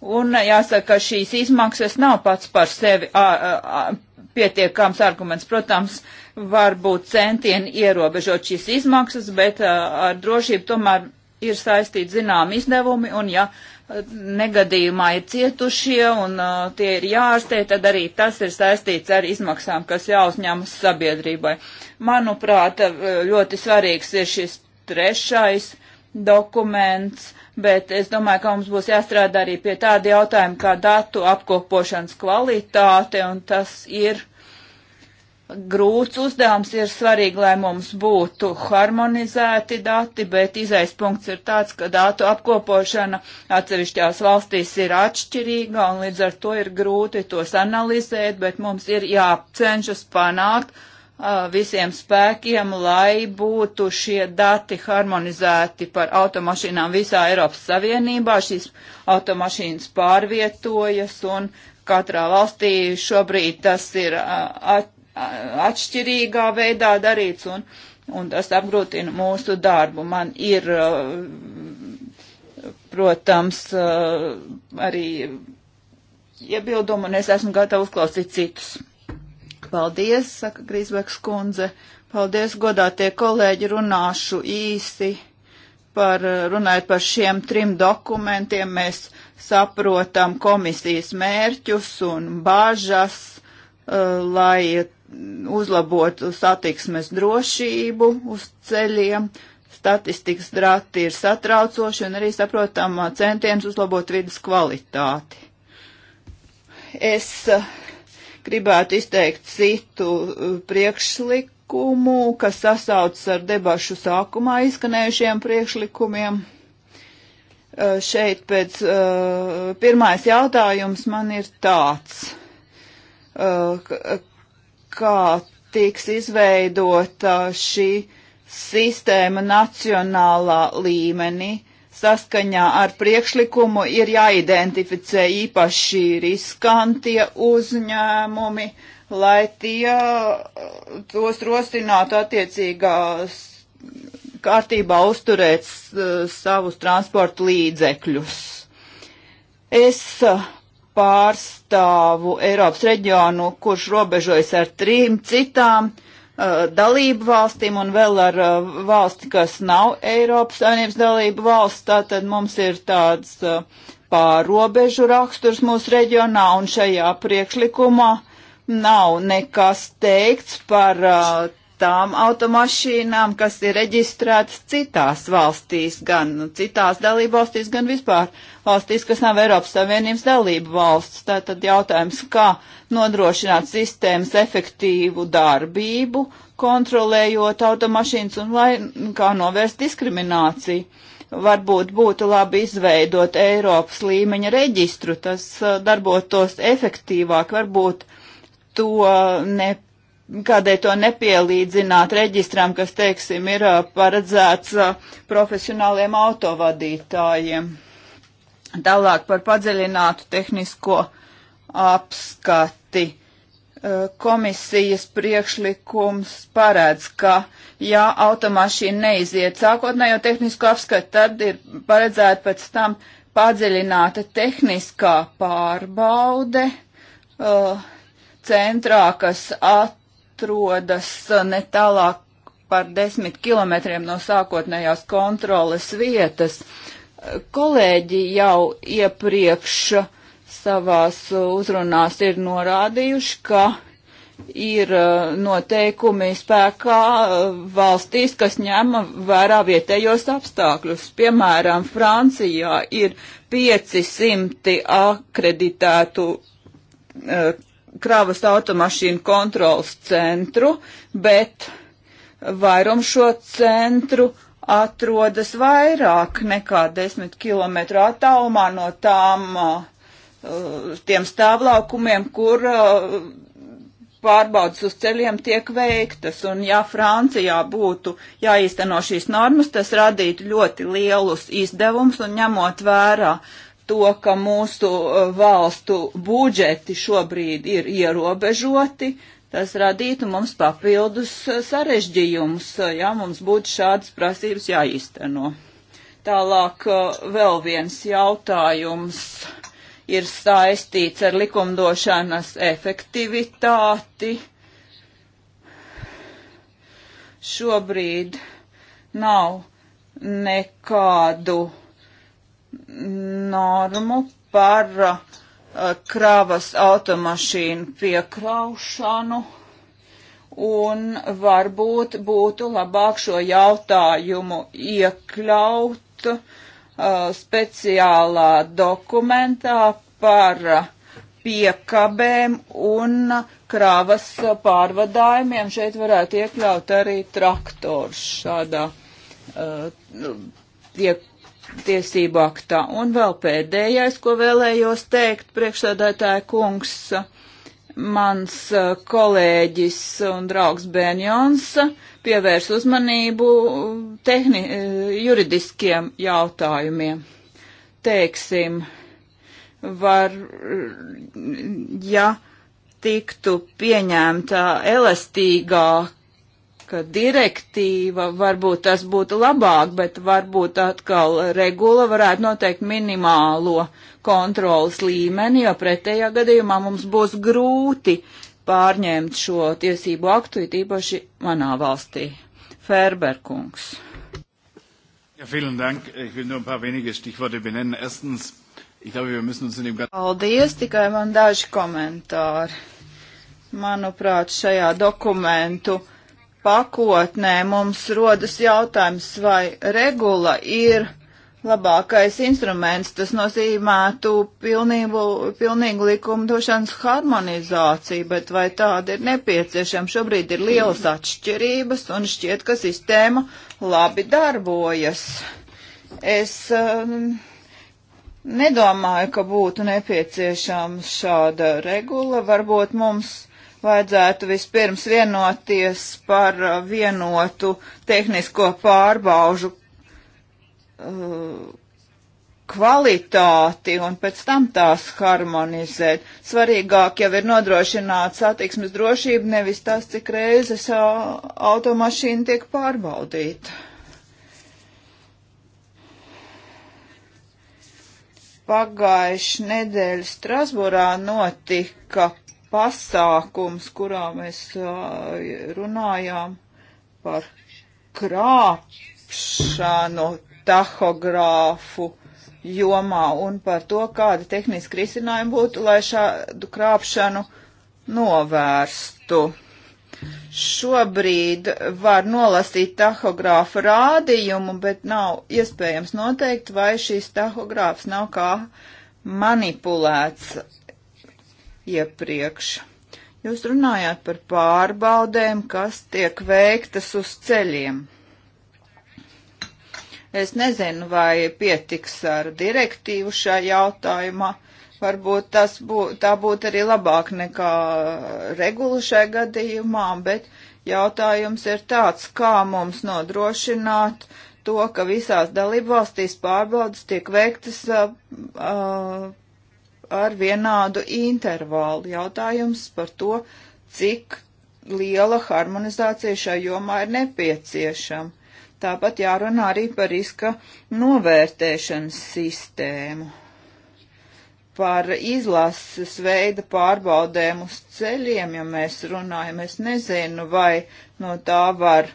Un jāsaka, ka šīs izmaksas nav pats par sevi a, a, a, pietiekams arguments. Protams, var būt centieni ierobežot šīs izmaksas, bet a, ar drošību tomēr ir saistīti zinām izdevumi, un ja eh, negadījumā ir cietušie un uh, tie ir jārastē, tad arī tas ir saistīts ar izmaksām, kas jāuzņemas sabiedrībai. Manuprāt, eh, ļoti svarīgs ir šis trešais dokuments, bet es domāju, ka mums būs jāstrādā arī pie tāda jautājuma kā datu apkopošanas kvalitāte, un tas ir uh, grūts uzdevums. Ir svarīgi, lai mums būtu harmonizēti dati, bet izais punkts ir tāds, ka datu apkopošana atsevišķās valstīs ir atšķirīga un līdz ar to ir grūti tos analizēt, bet mums ir jācenšas panākt uh, visiem spēkiem, lai būtu šie dati harmonizēti par automašīnām visā Eiropas Savienībā. Šīs automašīnas pārvietojas un katrā valstī šobrīd tas ir at, atšķirīgā veidā darīts, un, un tas apgrūtina mūsu darbu. Man ir, uh, protams, uh, arī iebildumi, un es esmu gatava uzklausīt citus. Paldies, saka Grīsbeks kundze. Paldies, godātie kolēģi, runāšu īsi par, runājot par šiem trim dokumentiem. Mēs saprotam komisijas mērķus un bāžas, uh, lai uzlabot satiksmes drošību uz ceļiem. Statistikas drati ir satraucoši un arī saprotam centiens uzlabot vidas kvalitāti. Es gribētu izteikt citu priekšlikumu, kas sasaucas ar debašu sākumā izskanējušiem priekšlikumiem. Šeit pēc pirmais jautājums man ir tāds kā tiks izveidota šī sistēma nacionālā līmenī. Saskaņā ar priekšlikumu ir jāidentificē īpaši riskantie uzņēmumi, lai tie uh, tos rostinātu attiecīgās kārtībā uzturēt savus transporta līdzekļus. Es uh, pārstāvu Eiropas reģionu, kurš robežojas ar trim citām uh, dalību valstīm un vēl ar uh, valsti, kas nav Eiropas Savienības dalību valsts. Tātad mums ir tāds uh, pārobežu raksturs mūsu reģionā un šajā priekšlikumā nav nekas teikts par uh, tām automašīnām, kas ir reģistrētas citās valstīs, gan citās dalību valstīs, gan vispār valstīs, kas nav Eiropas Savienības dalību valsts. Tātad jautājums, kā nodrošināt sistēmas efektīvu darbību, kontrolējot automašīnas un lai, kā novērst diskrimināciju. Varbūt būtu labi izveidot Eiropas līmeņa reģistru, tas uh, darbotos efektīvāk, varbūt to ne kādēļ to nepielīdzināt reģistram, kas, teiksim, ir paredzēts profesionāliem autovadītājiem. Tālāk par padziļinātu tehnisko apskati. Komisijas priekšlikums paredz, ka ja automašīna neiziet sākotnējo tehnisko apskatu, tad ir paredzēta pēc tam padziļināta tehniskā pārbaude uh, centrā, kas at atrodas uh, ne tālāk par desmit kilometriem no sākotnējās kontroles vietas. Uh, kolēģi jau iepriekš savās uzrunās ir norādījuši, ka ir uh, noteikumi spēkā valstīs, kas ņem vērā vietējos apstākļus. Piemēram, Francijā ir 500 akreditētu kravas automašīnu kontrolas centru, bet vairum šo centru atrodas vairāk nekā 10 km attālumā no tām, uh, tiem stāvlaukumiem, kur uh, pārbaudas uz ceļiem tiek veiktas, un ja Francijā būtu jāīsteno šīs normas, tas radītu ļoti lielus izdevumus, un ņemot vērā uh, to, ka mūsu eh, valstu budžeti šobrīd ir ierobežoti, tas radītu mums papildus eh, sarežģījumus, eh, ja mums būtu šādas prasības jāizteno. Tālāk vēl viens jautājums ir saistīts ar likumdošanas efektivitāti. Šobrīd nav nekādu normu par uh, kravas automašīnu piekraušanu. Un varbūt būtu labāk šo jautājumu iekļaut uh, speciālā dokumentā par uh, piekabēm un krāvas pārvadājumiem. Šeit varētu iekļaut arī traktors šādā uh, tiek tiesību aktā. Un vēl pēdējais, ko vēlējos teikt, priekšsēdētāja kungs, mans eh, kolēģis un draugs Bēnjons pievērs uzmanību eh, tehni, eh, juridiskiem jautājumiem. Teiksim, var, ja tiktu pieņemta elastīgāk ka direktīva varbūt tas būtu labāk, bet varbūt atkal regula varētu noteikt minimālo kontrolas līmeni, jo pretējā gadījumā mums būs grūti pārņemt šo tiesību aktu, it īpaši manā valstī. Ferberkungs. Ja, vielen Dank. Ich will nur ein paar wenige Stichworte benennen. Erstens, ich glaube, wir müssen uns in dem ganzen. Paldies, tikai man daži komentāri. Manuprāt, šajā dokumentu pakotnē mums rodas jautājums, vai regula ir labākais instruments. Tas nozīmētu pilnību, pilnīgu likumdošanas harmonizāciju, bet vai tāda ir nepieciešama? Šobrīd ir lielas atšķirības un šķiet, ka sistēma labi darbojas. Es um, nedomāju, ka būtu nepieciešama šāda regula. Varbūt mums vajadzētu vispirms vienoties par uh, vienotu tehnisko pārbaužu uh, kvalitāti un pēc tam tās harmonizēt. Svarīgāk jau ir nodrošināt satiksmes drošību, nevis tas, cik reizes uh, automašīna tiek pārbaudīta. Pagājuši nedēļa Strasburā notika pasākums, kurā mēs runājām par krāpšanu tahogrāfu jomā un par to, kāda tehniska risinājuma būtu, lai šādu krāpšanu novērstu. Šobrīd var nolasīt tahogrāfa rādījumu, bet nav iespējams noteikt, vai šīs tahogrāfs nav kā manipulēts iepriekš. Jūs runājāt par pārbaudēm, kas tiek veiktas uz ceļiem. Es nezinu, vai pietiks ar direktīvu šajā jautājumā. Varbūt tas bū, tā būtu arī labāk nekā regula šajā gadījumā, bet jautājums ir tāds, kā mums nodrošināt to, ka visās dalībvalstīs pārbaudas tiek veiktas uh, uh ar vienādu intervālu. Jautājums par to, cik liela harmonizācija šajā jomā ir nepieciešama. Tāpat jārunā arī par riska novērtēšanas sistēmu, par izlases veida pārbaudēm uz ceļiem, ja mēs runājam. Es nezinu, vai no tā var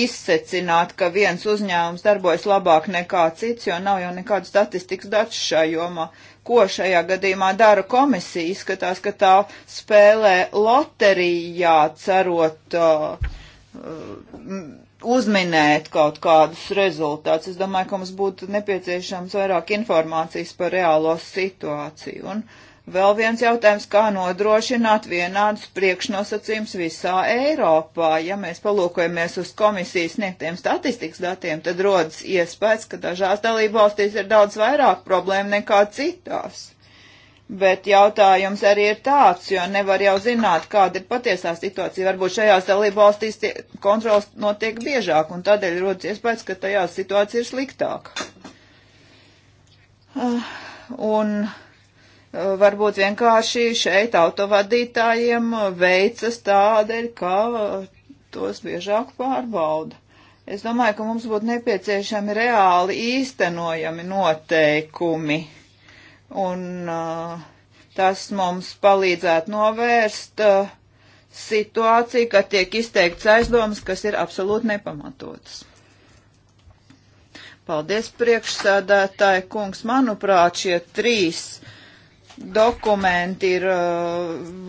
izsecināt, ka viens uzņēmums darbojas labāk nekā cits, jo nav jau nekāda statistikas datu šajā jomā ko šajā gadījumā dara komisija. Izskatās, ka tā spēlē loterijā, cerot uh, uh, uzminēt kaut kādus rezultātus. Es domāju, ka mums būtu nepieciešams vairāk informācijas par reālo situāciju. Un, uh, Vēl viens jautājums, kā nodrošināt vienādus priekšnosacījums visā Eiropā. Ja mēs palūkojamies uz komisijas sniegtiem statistikas datiem, tad rodas iespējas, ka dažās dalībvalstīs ir daudz vairāk problēmu nekā citās. Bet jautājums arī ir tāds, jo nevar jau zināt, kāda ir patiesā situācija. Varbūt šajās dalībvalstīs kontrols notiek biežāk, un tādēļ rodas iespējas, ka tajā situācija ir sliktāka. Uh, un Eh, varbūt vienkārši šeit autovadītājiem veicas tādēļ, ka eh, tos biežāk pārbauda. Es domāju, ka mums būtu nepieciešami reāli īstenojami noteikumi, un uh, tas mums palīdzētu novērst uh, situāciju, ka tiek izteikts aizdomas, kas ir absolūti nepamatotas. Paldies priekšsādātāji kungs, manuprāt, šie trīs dokumenti ir eh,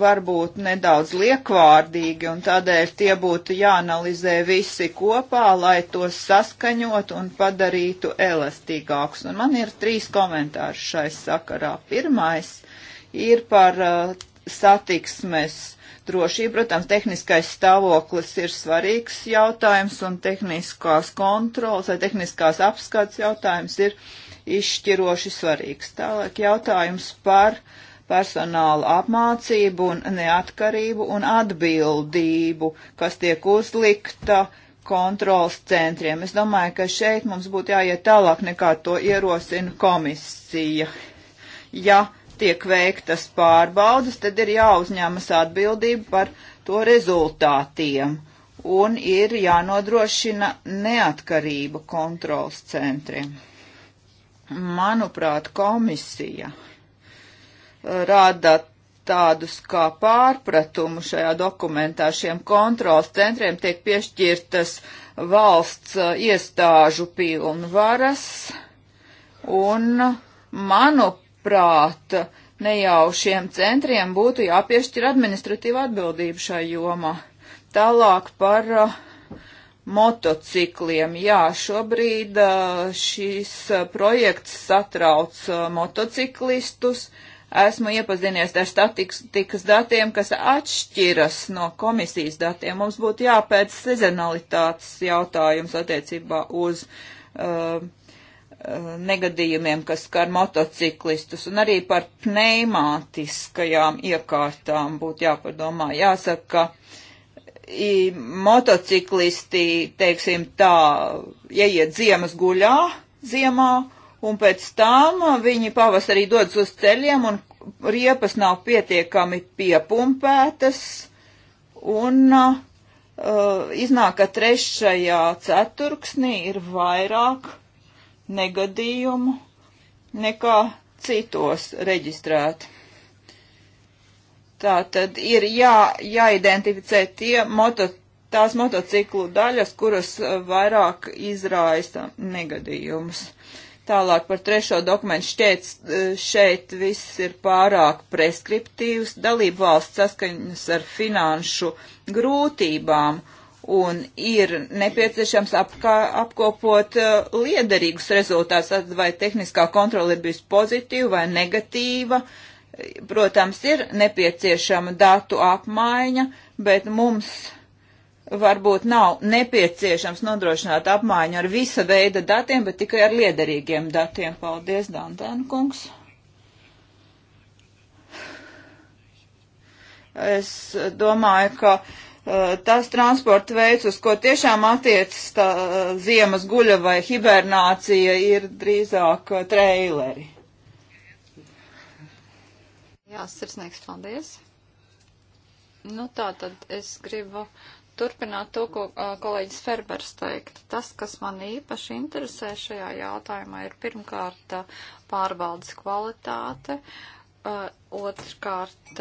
varbūt nedaudz liekvārdīgi, un tādēļ tie būtu jāanalizē visi kopā, lai tos saskaņot un padarītu elastīgāks. Un man ir trīs komentāri šai sakarā. Pirmais ir par eh, satiksmes drošību. Protams, tehniskais stāvoklis ir svarīgs jautājums, un tehniskās kontrols vai tehniskās apskats jautājums ir svarīgs izšķiroši svarīgs. Tālāk jautājums par personāla apmācību un neatkarību un atbildību, kas tiek uzlikta kontrols centriem. Es domāju, ka šeit mums būtu jāiet tālāk nekā to ierosina komisija. Ja tiek veiktas pārbaudas, tad ir jāuzņemas atbildība par to rezultātiem un ir jānodrošina neatkarība kontrols centriem. Manuprāt, komisija uh, rada tādus kā pārpratumu šajā dokumentā. Šiem kontrols centriem tiek piešķirtas valsts uh, iestāžu pilnvaras, un manuprāt, ne jau šiem centriem būtu jāpiešķir administratīva atbildība šai jomā. Tālāk par uh, motocikliem. Jā, šobrīd šis projekts satrauc motociklistus. Esmu iepazinies ar statistikas datiem, kas atšķiras no komisijas datiem. Mums būtu jāpēc sezonalitātes jautājums attiecībā uz uh, negadījumiem, kas skar motociklistus, un arī par pneimātiskajām iekārtām būtu jāpadomā. Jāsaka, ka motociklisti, teiksim tā, ieiet ziemas guļā ziemā, un pēc tam viņi pavasarī dodas uz ceļiem, un riepas nav pietiekami piepumpētas, un uh, iznāk, ka trešajā ceturksnī ir vairāk negadījumu nekā citos reģistrēti. Tā tad ir jā, jāidentificē tie moto, tās motociklu daļas, kuras eh, vairāk izraisa negadījumus. Tālāk par trešo dokumentu šķiet, eh, šeit viss ir pārāk preskriptīvs. Dalību valsts saskaņas ar finanšu grūtībām un ir nepieciešams apkā, apkopot uh, liederīgus rezultātus, vai tehniskā kontrola ir bijusi pozitīva vai negatīva. Uh, Protams, ir nepieciešama datu apmaiņa, bet mums varbūt nav nepieciešams nodrošināt apmaiņu ar visa veida datiem, bet tikai ar liederīgiem datiem. Paldies, Dantēna kungs. Es domāju, ka uh, tas transporta veids, uz ko tiešām attiecas tā uh, ziemas guļa vai hibernācija, ir drīzāk uh, eh, treileri. Jā, sirsnīgs paldies. Nu tā tad es gribu turpināt to, ko uh, kolēģis Ferbers teikt. Tas, kas man īpaši interesē šajā jautājumā, ir pirmkārt uh, pārvaldes kvalitāte, uh, otrkārt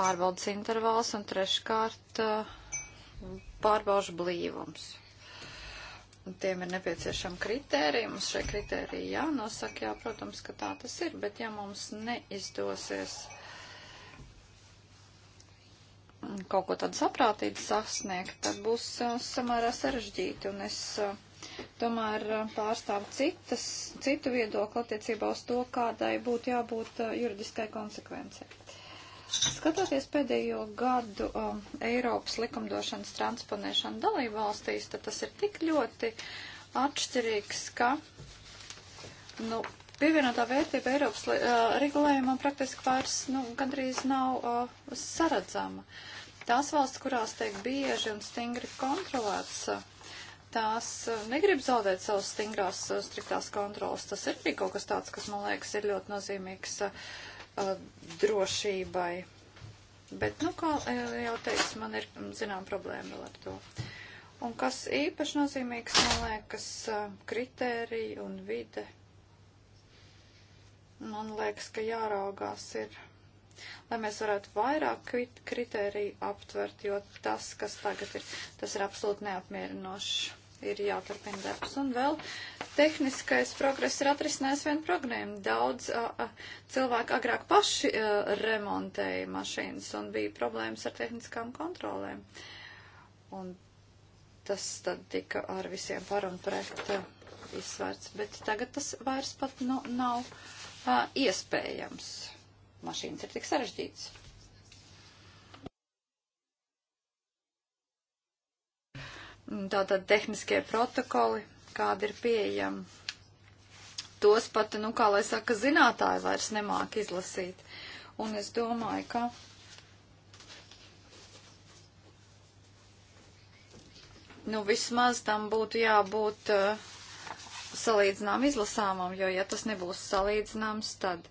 pārvaldes intervāls un treškārt pārbaudžu blīvums tiem ir nepieciešama kritērija, mums šie kritēriji jānosaka, jā, protams, ka tā tas ir, bet ja mums neizdosies kaut ko tādu saprātīgu sasniegt, tad būs samērā sarežģīti, un es tomēr pārstāvu citas, citu viedokli attiecībā uz to, kādai būtu jābūt juridiskai konsekvencijai. Skatoties pēdējo gadu um, Eiropas likumdošanas transponēšanu dalību valstīs, tad tas ir tik ļoti atšķirīgs, ka nu, pievienotā vērtība Eiropas uh, regulējumam praktiski vairs nu, gandrīz nav uh, saredzama. Tās valsts, kurās tiek bieži un stingri kontrolēts, uh, tās uh, negrib zaudēt savas stingrās, uh, striktās kontrolas. Tas ir arī kaut kas tāds, kas, man liekas, ir ļoti nozīmīgs. Uh, uh, drošībai. Bet, nu, kā jau teicu, man ir mm, zinām problēma vēl ar to. Un kas īpaši nozīmīgs, man liekas, uh, kritērija un vide. Man liekas, ka jāraugās ir, lai mēs varētu vairāk kritēriju aptvert, jo tas, kas tagad ir, tas ir absolūti neapmierinošs ir jāturpina darbs. Un vēl tehniskais progress ir atrisinājis vienu problēmu. Daudz a, a, cilvēku agrāk paši a, remontēja mašīnas un bija problēmas ar tehniskām kontrolēm. Un tas tad tika ar visiem par un pret a, izsvērts. Bet tagad tas vairs pat nu, nav a, iespējams. Mašīnas ir tik sarežģītas. tātad tehniskie protokoli, kādi ir pieejami. Tos pat, nu, kā lai saka, zinātāji vairs nemāk izlasīt. Un es domāju, ka. Nu, vismaz tam būtu jābūt uh, salīdzinām izlasāmam, jo, ja tas nebūs salīdzināms, tad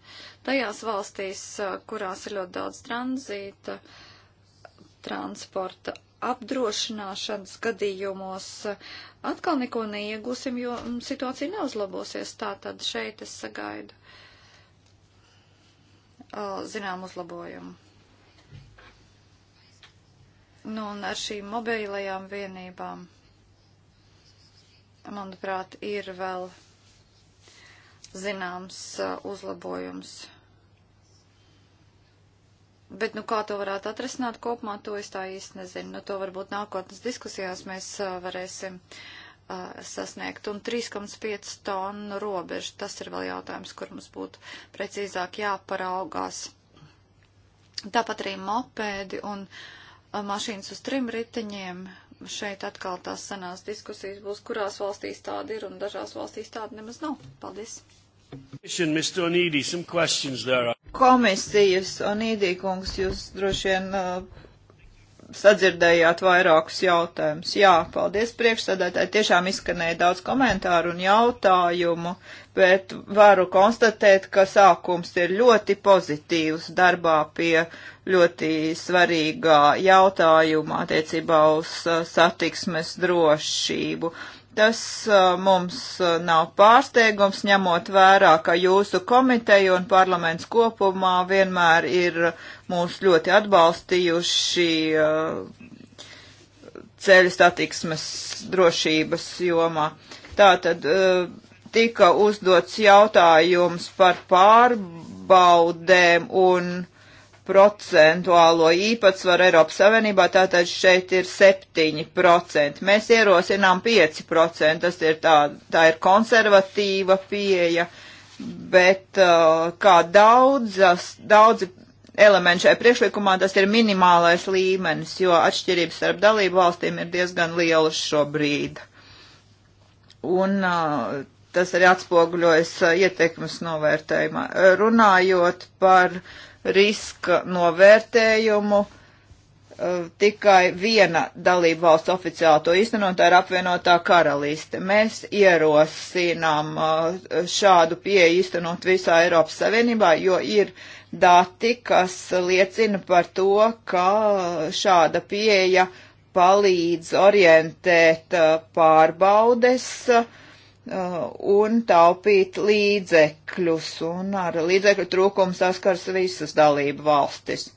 tajās valstīs, uh, kurās ir ļoti daudz tranzīta, transporta apdrošināšanas gadījumos atkal neko neiegūsim, jo situācija neuzlabosies. Tā tad šeit es sagaidu zinām uzlabojumu. Nu, un ar šīm mobilajām vienībām, manuprāt, ir vēl zināms uzlabojums. Bet, nu, kā to varētu atrisināt kopumā, to es tā īsti nezinu. Nu, to varbūt nākotnes diskusijās mēs uh, varēsim uh, sasniegt. Un 3,5 tonu robeža, tas ir vēl jautājums, kur mums būtu precīzāk jāparaugās. Tāpat arī mopēdi un uh, mašīnas uz trim riteņiem. Šeit atkal tās senās diskusijas būs, kurās valstīs tāda ir un dažās valstīs tāda nemaz nav. Paldies! Mr. Onidi, some questions there komisijas un īdīkums jūs droši vien uh, sadzirdējāt vairākus jautājumus. Jā, paldies priekšsēdētāji, tiešām izskanēja daudz komentāru un jautājumu, bet varu konstatēt, ka sākums ir ļoti pozitīvs darbā pie ļoti svarīgā jautājuma attiecībā uz uh, satiksmes drošību. Tas mums nav pārsteigums, ņemot vērā, ka jūsu komiteja un parlaments kopumā vienmēr ir mūs ļoti atbalstījuši ceļu satiksmes drošības jomā. Tātad tika uzdots jautājums par pārbaudēm un procentuālo īpatsvaru Eiropas Savienībā, tātad šeit ir 7%. Mēs ierosinām 5%, tas ir tā, tā ir konservatīva pieeja, bet uh, kā daudzas, daudzi elementi šajā priekšlikumā, tas ir minimālais līmenis, jo atšķirības starp dalību valstīm ir diezgan lielas šobrīd. Un uh, tas arī atspoguļojas uh, ietekmes novērtējumā. Runājot par uh, riska novērtējumu uh, tikai viena dalība valsts oficiāli to īstenot, tā ir apvienotā karaliste. Mēs ierosinām uh, šādu pieeju īstenot visā Eiropas Savienībā, jo ir dati, kas liecina par to, ka šāda pieeja palīdz orientēt uh, pārbaudes uh, Uh, un taupīt līdzekļus, un ar līdzekļu trūkumu saskars visas dalību valstis.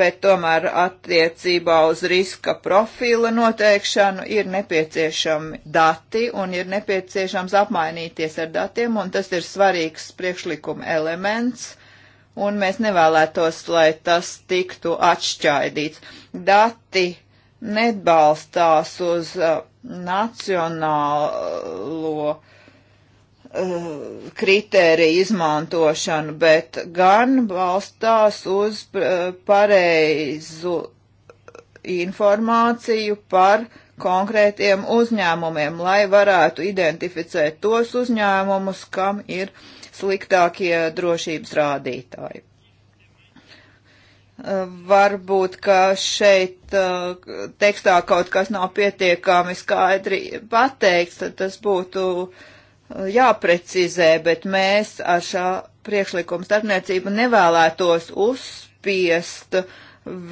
Bet tomēr attiecībā uz riska profila noteikšanu ir nepieciešami dati un ir nepieciešams apmainīties ar datiem, un tas ir svarīgs priekšlikuma elements, un mēs nevēlētos, lai tas tiktu atšķaidīts. Dati nebalstās uz uh, nacionālo eh, kritēriju izmantošanu, bet gan balstās uz eh, pareizu informāciju par konkrētiem uzņēmumiem, lai varētu identificēt tos uzņēmumus, kam ir sliktākie drošības rādītāji varbūt, ka šeit uh, tekstā kaut kas nav pietiekami skaidri pateikts, tad tas būtu uh, jāprecizē, bet mēs ar šā priekšlikuma starpniecību nevēlētos uzspiest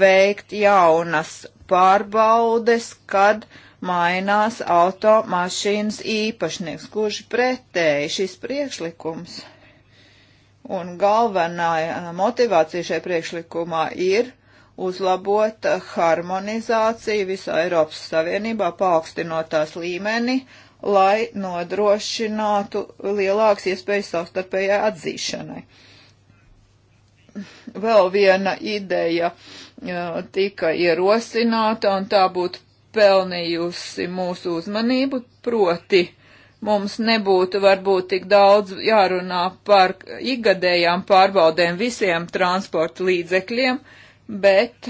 veikt jaunas pārbaudes, kad mainās automašīnas īpašnieks, kurš pretēji šis priekšlikums Un galvenā uh, motivācija šajā priekšlikumā ir uzlabot uh, harmonizāciju visā Eiropas Savienībā, paaugstinot tās līmeni, lai nodrošinātu lielāks iespējas savstarpējai atzīšanai. Vēl viena ideja uh, tika ierosināta, un tā būtu pelnījusi mūsu uzmanību, proti mums nebūtu varbūt tik daudz jārunā par ikgadējām pārbaudēm visiem transporta līdzekļiem, bet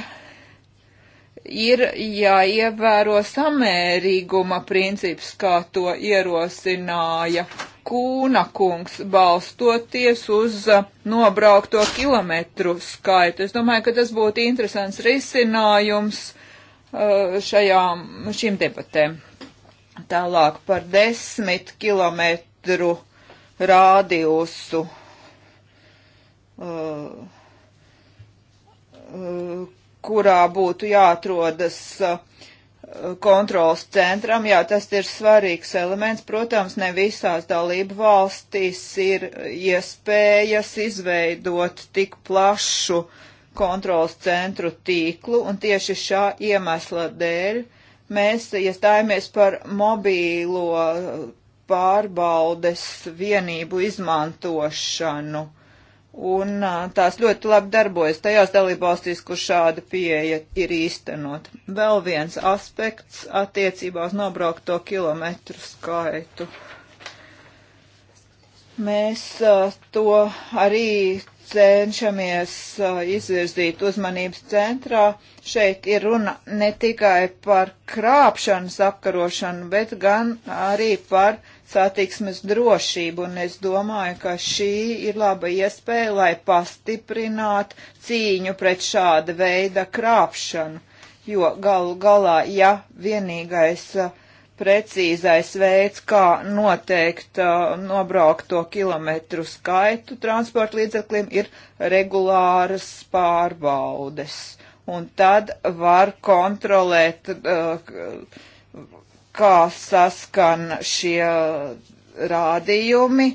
ir jāievēro samērīguma princips, kā to ierosināja Kūna kungs, balstoties uz nobraukto kilometru skaitu. Es domāju, ka tas būtu interesants risinājums uh, šajām, šīm debatēm. Tālāk par desmit kilometru rādiusu. Uh, uh, kurā būtu jāatrodas uh, kontrols centram. Jā, tas ir svarīgs elements. Protams, ne visās dalību valstīs ir iespējas izveidot tik plašu kontrols centru tīklu, un tieši šā iemesla dēļ mēs iestājāmies par mobīlo pārbaudes vienību izmantošanu. Un tās ļoti labi darbojas tajās dalībvalstīs, kur šāda pieeja ir īstenot. Vēl viens aspekts attiecībā uz nobraukto kilometru skaitu. Mēs to arī cenšamies uh, izvirzīt uzmanības centrā. Šeit ir runa ne tikai par krāpšanas apkarošanu, bet gan arī par satiksmes drošību, un es domāju, ka šī ir laba iespēja, lai pastiprinātu cīņu pret šāda veida krāpšanu, jo galu galā, ja vienīgais uh, precīzais veids, kā noteikt uh, nobraukto kilometru skaitu transporta līdzeklim, ir regulāras pārbaudes. Un tad var kontrolēt, uh, kā saskan šie rādījumi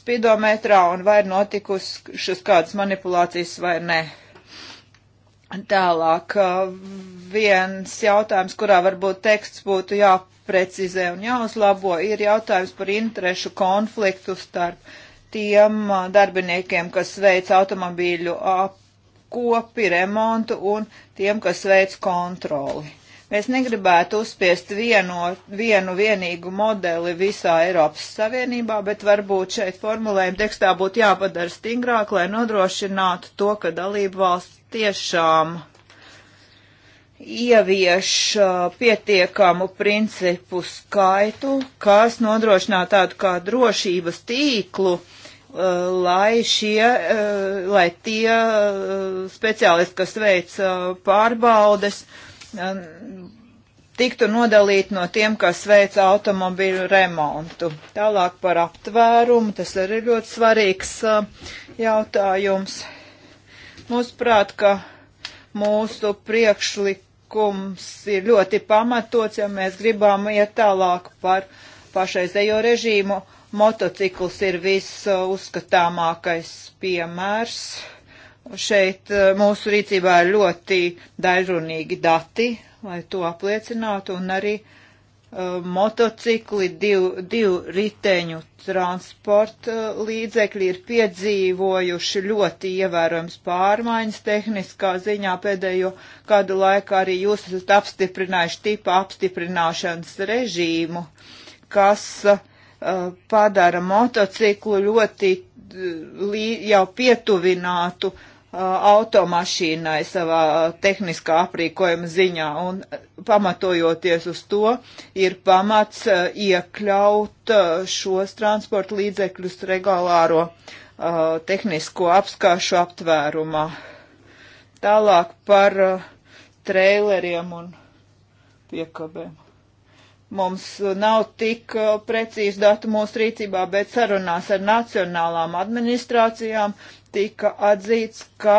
spidometrā un vai ir notikušas kādas manipulācijas vai ne. Tālāk uh, viens jautājums, kurā varbūt teksts būtu jāprecizē un jāuzlabo, ir jautājums par interešu konfliktu starp tiem uh, darbiniekiem, kas veic automobīļu apkopi, remontu un tiem, kas veic kontroli. Mēs negribētu uzspiest vieno, vienu vienīgu modeli visā Eiropas Savienībā, bet varbūt šeit formulējuma tekstā būtu jāpadara stingrāk, lai nodrošinātu to, ka dalību valsts tiešām ievieš uh, pietiekamu principu skaitu, kas nodrošinā tādu kā drošības tīklu, uh, lai šie, uh, lai tie speciālisti, kas veic pārbaudes, um, tiktu nodalīti no tiem, kas veic automobīļu remontu. Tālāk par aptvērumu, tas arī ir ļoti svarīgs jautājums. Mūsuprāt, ka mūsu priekšlikums ir ļoti pamatots, ja mēs gribam iet tālāk par pašreizējo režīmu. Motocikls ir viss uzskatāmākais piemērs. Šeit eh, mūsu rīcībā ir ļoti dažrunīgi dati, lai to apliecinātu, un arī uh, Uh, motocikli, divu div riteņu transporta uh, līdzekļi ir piedzīvojuši ļoti ievērojams pārmaiņas tehniskā ziņā pēdējo kādu laiku arī jūs esat apstiprinājuši tipa apstiprināšanas režīmu, kas uh, padara motociklu ļoti uh, jau pietuvinātu uh, Uh, automašīnai savā tehniskā aprīkojuma ziņā un uh, pamatojoties uz to ir pamats uh, iekļaut šos transporta līdzekļus regulāro uh, tehnisko apskāšu aptvērumā. Tālāk par uh, treileriem un piekabēm. Mums nav tik precīzi datu mūsu rīcībā, bet sarunās ar nacionālām administrācijām tika atzīts, ka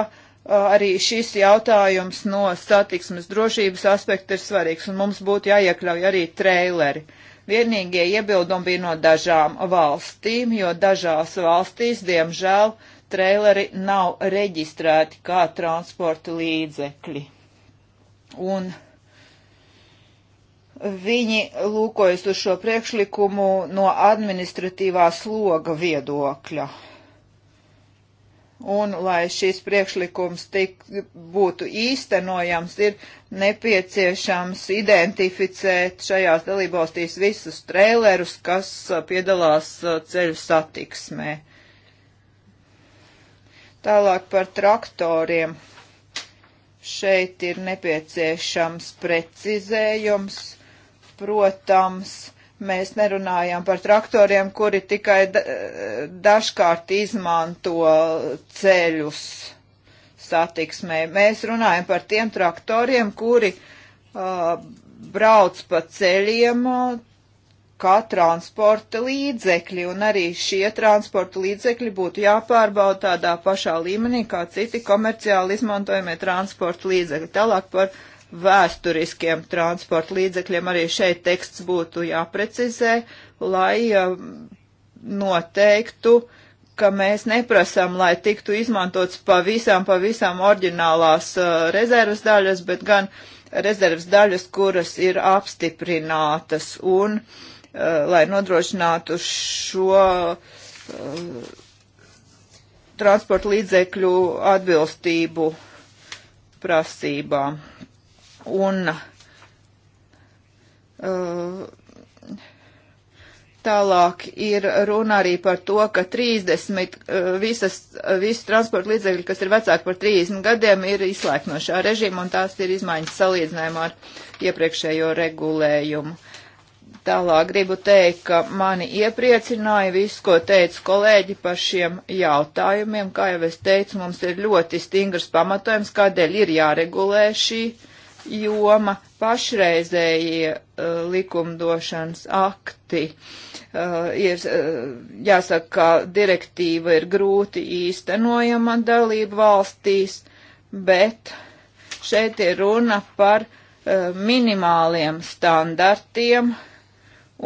arī šis jautājums no satiksmes drošības aspekta ir svarīgs, un mums būtu jāiekļauj arī treileri. Vienīgie iebildumi bija no dažām valstīm, jo dažās valstīs, diemžēl, treileri nav reģistrēti kā transporta līdzekļi. Un viņi lūkojas uz šo priekšlikumu no administratīvā sloga viedokļa. Un, lai šis priekšlikums tik, būtu īstenojams, ir nepieciešams identificēt šajās dalībvalstīs visus trēlerus, kas uh, piedalās uh, ceļu satiksmē. Tālāk par traktoriem. Šeit ir nepieciešams precizējums, protams, Mēs nerunājam par traktoriem, kuri tikai dažkārt izmanto ceļus satiksmē. Mēs runājam par tiem traktoriem, kuri uh, brauc pa ceļiem uh, kā transporta līdzekļi, un arī šie transporta līdzekļi būtu jāpārbauda tādā pašā līmenī kā citi komerciāli izmantojamie transporta līdzekļi. Tālāk par vēsturiskiem transporta līdzekļiem. Arī šeit teksts būtu jāprecizē, lai um, noteiktu, ka mēs neprasām, lai tiktu izmantots pavisam, pavisam oriģinālās uh, rezervas daļas, bet gan rezervas daļas, kuras ir apstiprinātas un uh, lai nodrošinātu šo uh, transporta līdzekļu atbilstību prasībām. Un uh, tālāk ir runa arī par to, ka 30 uh, visas, uh, visas transporta līdzekļi, kas ir vecāki par 30 gadiem, ir izslēgti no šā režīma, un tās ir izmaiņas salīdzinājumā ar iepriekšējo regulējumu. Tālāk gribu teikt, ka mani iepriecināja viss, ko teica kolēģi par šiem jautājumiem. Kā jau es teicu, mums ir ļoti stingrs pamatojums, kādēļ ir jāregulē šī uh, joma pašreizējie uh, likumdošanas akti. Uh, ir, uh, jāsaka, ka direktīva ir grūti īstenojama dalību valstīs, bet šeit ir runa par uh, minimāliem standartiem,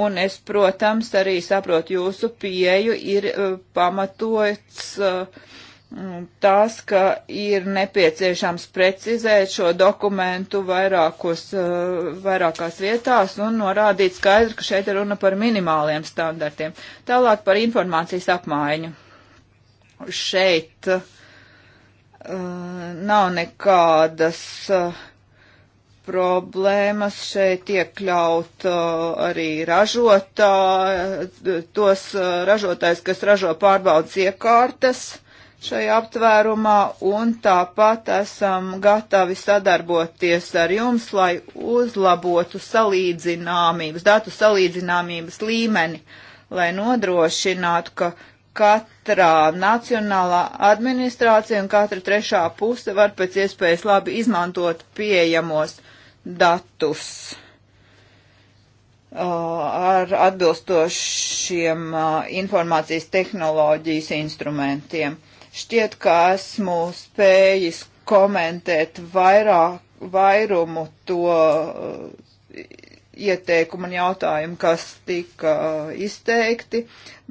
un es, protams, arī saprotu jūsu pieju ir uh, pamatots. Uh, tas, ka ir nepieciešams precizēt šo dokumentu vairākos, eh, vairākās vietās un norādīt skaidri, ka šeit ir runa par minimāliem standartiem. Tālāk par informācijas apmaiņu. Šeit uh, nav nekādas uh, problēmas šeit iekļaut uh, arī ražotā, tos ražotājs, kas ražo pārbaudas iekārtas šajā aptvērumā, un tāpat esam gatavi sadarboties ar jums, lai uzlabotu salīdzināmības, datu salīdzināmības līmeni, lai nodrošinātu, ka katrā nacionālā administrācija un katra trešā puse var pēc iespējas labi izmantot pieejamos datus ar atbilstošiem informācijas tehnoloģijas instrumentiem. Šķiet, ka esmu spējis komentēt vairāk, vairumu to uh, ieteikumu un jautājumu, kas tika uh, izteikti,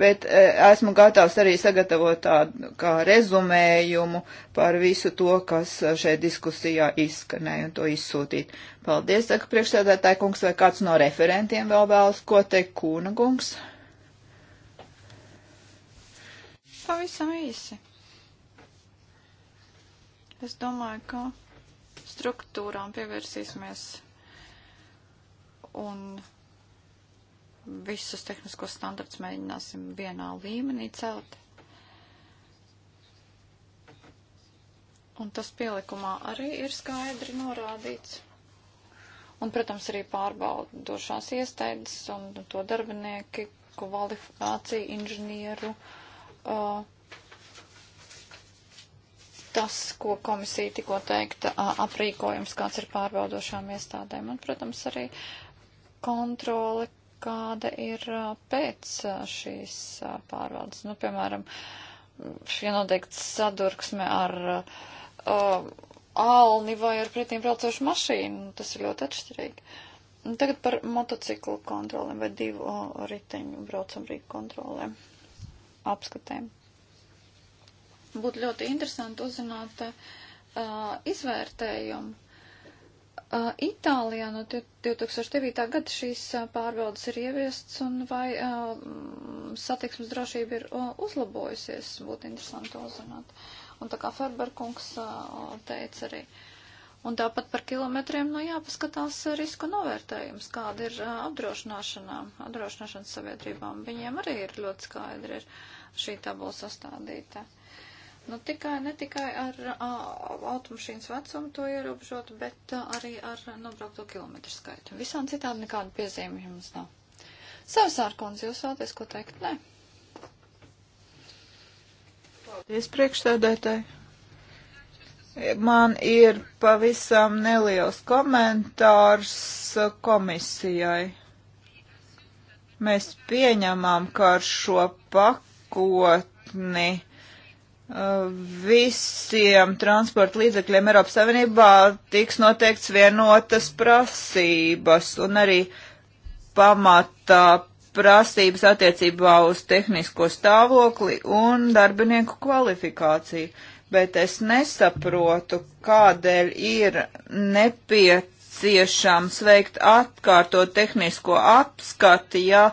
bet uh, esmu gatavs arī sagatavot tādu kā rezumējumu par visu to, kas šeit diskusijā izskanēja un to izsūtīt. Paldies, saka priekšsēdētāji kungs, vai kāds no referentiem vēl vēlas ko teikt, Kūna kungs? Pavisam īsi. Es domāju, ka struktūrām pievērsīsimies un visus tehniskos standarts mēģināsim vienā līmenī celt. Un tas pielikumā arī ir skaidri norādīts. Un, protams, arī pārbaudošās iestaidas un to darbinieki, kvalifikāciju inženieru uh, tas, ko komisija tikko teikta, aprīkojums, kāds ir pārbaudošām iestādēm. Un, protams, arī kontrole, kāda ir pēc šīs pārvaldes. Nu, piemēram, ja noteikti sadurksme ar uh, alni vai ar pretīm braucošu mašīnu, nu, tas ir ļoti atšķirīgi. Un tagad par motociklu kontrolēm vai divu riteņu braucam rīku kontrolēm apskatēm. Būtu ļoti interesanti uzzināt uh, izvērtējumu. Uh, Itālijā no 2009. gada šīs uh, pārbaudas ir ieviestas un vai uh, satiksmes drošība ir uh, uzlabojusies, būtu interesanti to uzzināt. Un tā kā Ferberkungs uh, teica arī. Un tāpat par kilometriem, nu jāpaskatās uh, risku novērtējums, kāda ir uh, apdrošināšanām, apdrošināšanas sabiedrībām. Viņiem arī ir ļoti skaidri ir šī tabula sastādīta. Uh, Nu, tikai, ne tikai ar uh, automašīnas vecumu to ierobežot, bet uh, arī ar nobraukto kilometru skaitu. Visām citādi nekāda piezīme jums nav. Savs ārkons, jūs vēlaties ko teikt? Nē. Paldies priekšstādētāji. Man ir pavisam neliels komentārs komisijai. Mēs pieņemam, ka ar šo pakotni visiem transporta līdzekļiem Eiropas Savienībā tiks noteikts vienotas prasības un arī pamatā prasības attiecībā uz tehnisko stāvokli un darbinieku kvalifikāciju. Bet es nesaprotu, kādēļ ir nepieciešams veikt atkārto tehnisko apskati, ja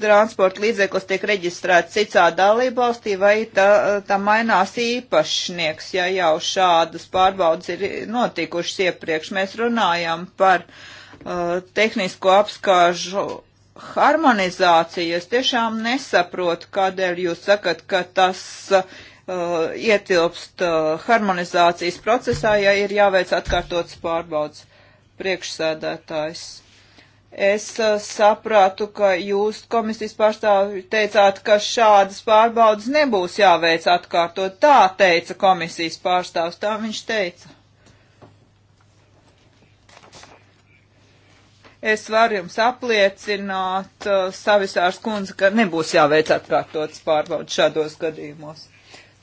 transporta līdzeklis tiek reģistrēts citā dalībvalstī, vai tā, tā mainās īpašnieks, ja jau šādas pārbaudas ir notikušas iepriekš. Mēs runājam par uh, tehnisko apskāžu harmonizāciju. Es tiešām nesaprotu, kādēļ jūs sakat, ka tas uh, ietilpst uh, harmonizācijas procesā, ja ir jāveic atkārtotas pārbaudas priekšsēdētājs Es uh, sapratu, ka jūs komisijas pārstāvi teicāt, ka šādas pārbaudas nebūs jāveic atkārtot. Tā teica komisijas pārstāvs, tā viņš teica. Es varu jums apliecināt, uh, savisārs kundze, ka nebūs jāveic atkārtotas pārbaudas šādos gadījumos.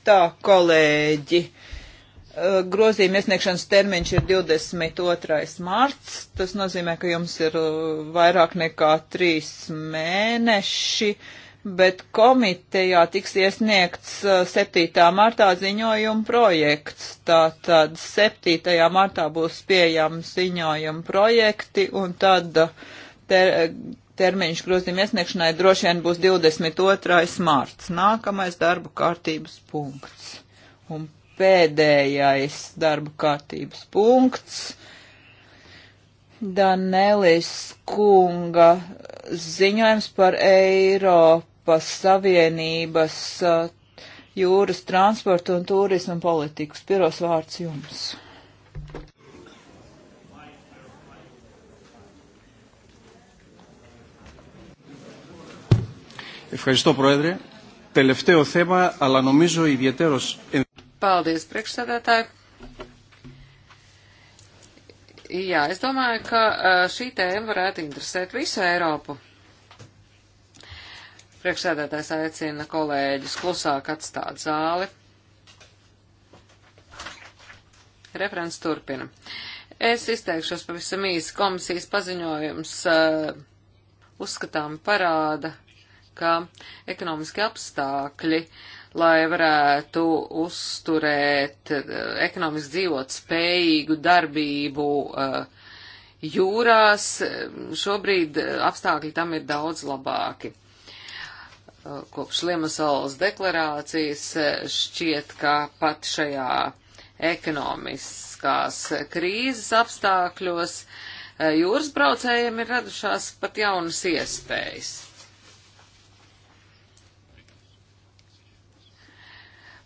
Tā, kolēģi. Uh, Eh, grozījuma iesniegšanas termiņš ir 22. marts. Tas nozīmē, ka jums ir eh, vairāk nekā trīs mēneši, bet komitejā tiks iesniegts 7. Eh, martā ziņojuma projekts. Tātad 7. martā būs pieejams ziņojuma projekti un tad ter termiņš grozījuma iesniegšanai droši vien būs 22. marts. Nākamais darbu kārtības punkts. Un pēdējais darba kārtības punkts. Danelis Kunga ziņojums par Eiropas Savienības uh, jūras transportu un turismu politiku. Spiros vārds jums. Ευχαριστώ, Πρόεδρε. Τελευταίο θέμα, αλλά νομίζω ιδιαίτερος ενδιαφέρον. Paldies, priekšsēdētāji. Jā, es domāju, ka šī tēma varētu interesēt visu Eiropu. Priekšsēdētājs aicina kolēģis klusāk atstāt zāli. Referents turpina. Es izteikšos pavisam īsi. Komisijas paziņojums uh, uzskatām parāda, ka ekonomiski apstākļi uh, lai varētu uzturēt eh, ekonomiski dzīvot spējīgu darbību eh, jūrās. Šobrīd eh, apstākļi tam ir daudz labāki. Kopš Liemasalas deklarācijas šķiet, ka pat šajā ekonomiskās krīzes apstākļos jūras braucējiem ir radušās pat jaunas iespējas.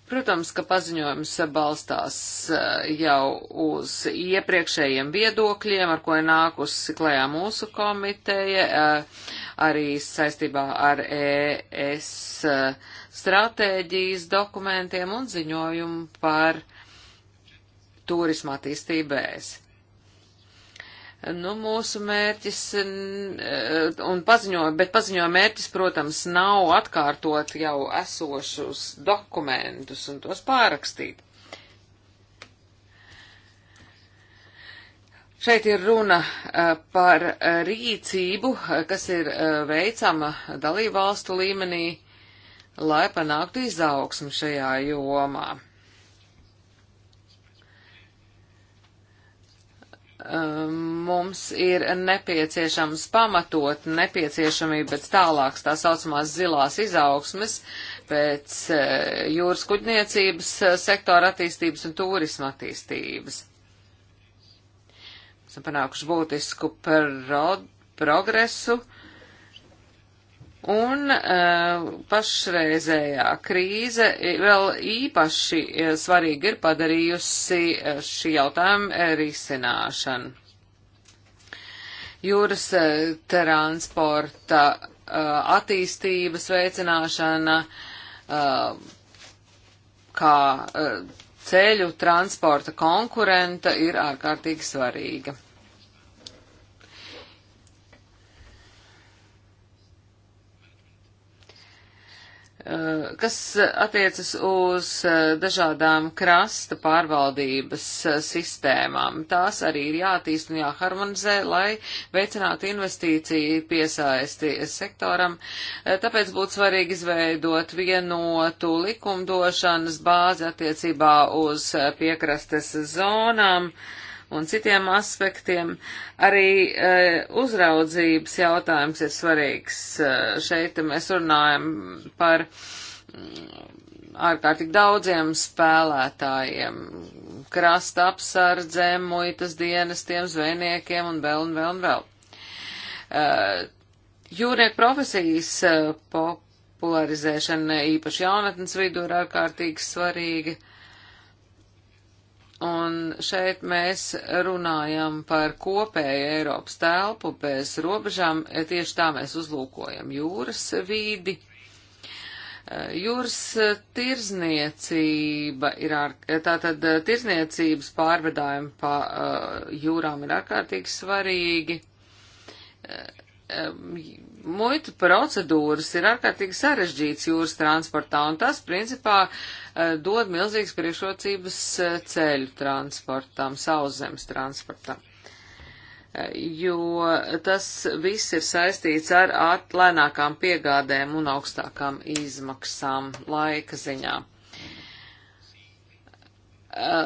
Protams, ka paziņojums balstās eh, jau uz iepriekšējiem viedokļiem, ar ko ir nākusi klajā mūsu komiteja, eh, arī saistībā ar ES eh, stratēģijas dokumentiem un ziņojumu par turismu attīstību ES. Nu, mūsu mērķis e, un paziņojuma, bet paziņojuma mērķis, protams, nav atkārtot jau esošus dokumentus un tos pārakstīt. Šeit ir runa e, par e, rīcību, kas ir veicama dalībvalstu līmenī, lai panāktu izaugsmu šajā jomā. Um, mums ir nepieciešams pamatot nepieciešamība pēc tālākas tā saucamās zilās izaugsmes, pēc uh, jūras kuģniecības uh, sektora attīstības un turisma attīstības. Esam panākuši būtisku pro progresu. Uh, Un uh, pašreizējā krīze vēl īpaši eh, svarīgi ir padarījusi eh, šī jautājuma risināšanu. Jūras transporta uh, attīstības veicināšana, uh, kā ceļu transporta konkurenta ir ārkārtīgi svarīga. Eh, kas attiecas uz eh, dažādām krasta pārvaldības eh, sistēmām, tās arī ir jātīst un jāharmonizē, lai veicinātu investīciju piesaisti sektoram. Tāpēc būtu svarīgi izveidot vienotu likumdošanas bāzi attiecībā uz piekrastes zonām. Uh, un citiem aspektiem. Arī e, uzraudzības jautājums ir svarīgs. E, šeit mēs runājam par mm, ārkārtīgi daudziem spēlētājiem, krasta apsardzēm, muitas dienestiem, zvejniekiem un vēl un vēl un vēl. Uh, e, jūrnieku profesijas e, popularizēšana īpaši jaunatnes vidū ir ārkārtīgi svarīga. Un šeit mēs runājam par kopēju Eiropas telpu bez robežām, e, tieši tā mēs uzlūkojam jūras vīdi. E, jūras tirzniecība ir, ar, e, tātad tirzniecības pārvedājumi pa jūrām ir ārkārtīgi svarīgi muitu procedūras ir ārkārtīgi sarežģīts jūras transportā, un tas, principā, eh, dod milzīgas priekšrocības eh, ceļu transportam, sauszemes transportam. Eh, jo tas viss ir saistīts ar lēnākām piegādēm un augstākām izmaksām laika ziņā.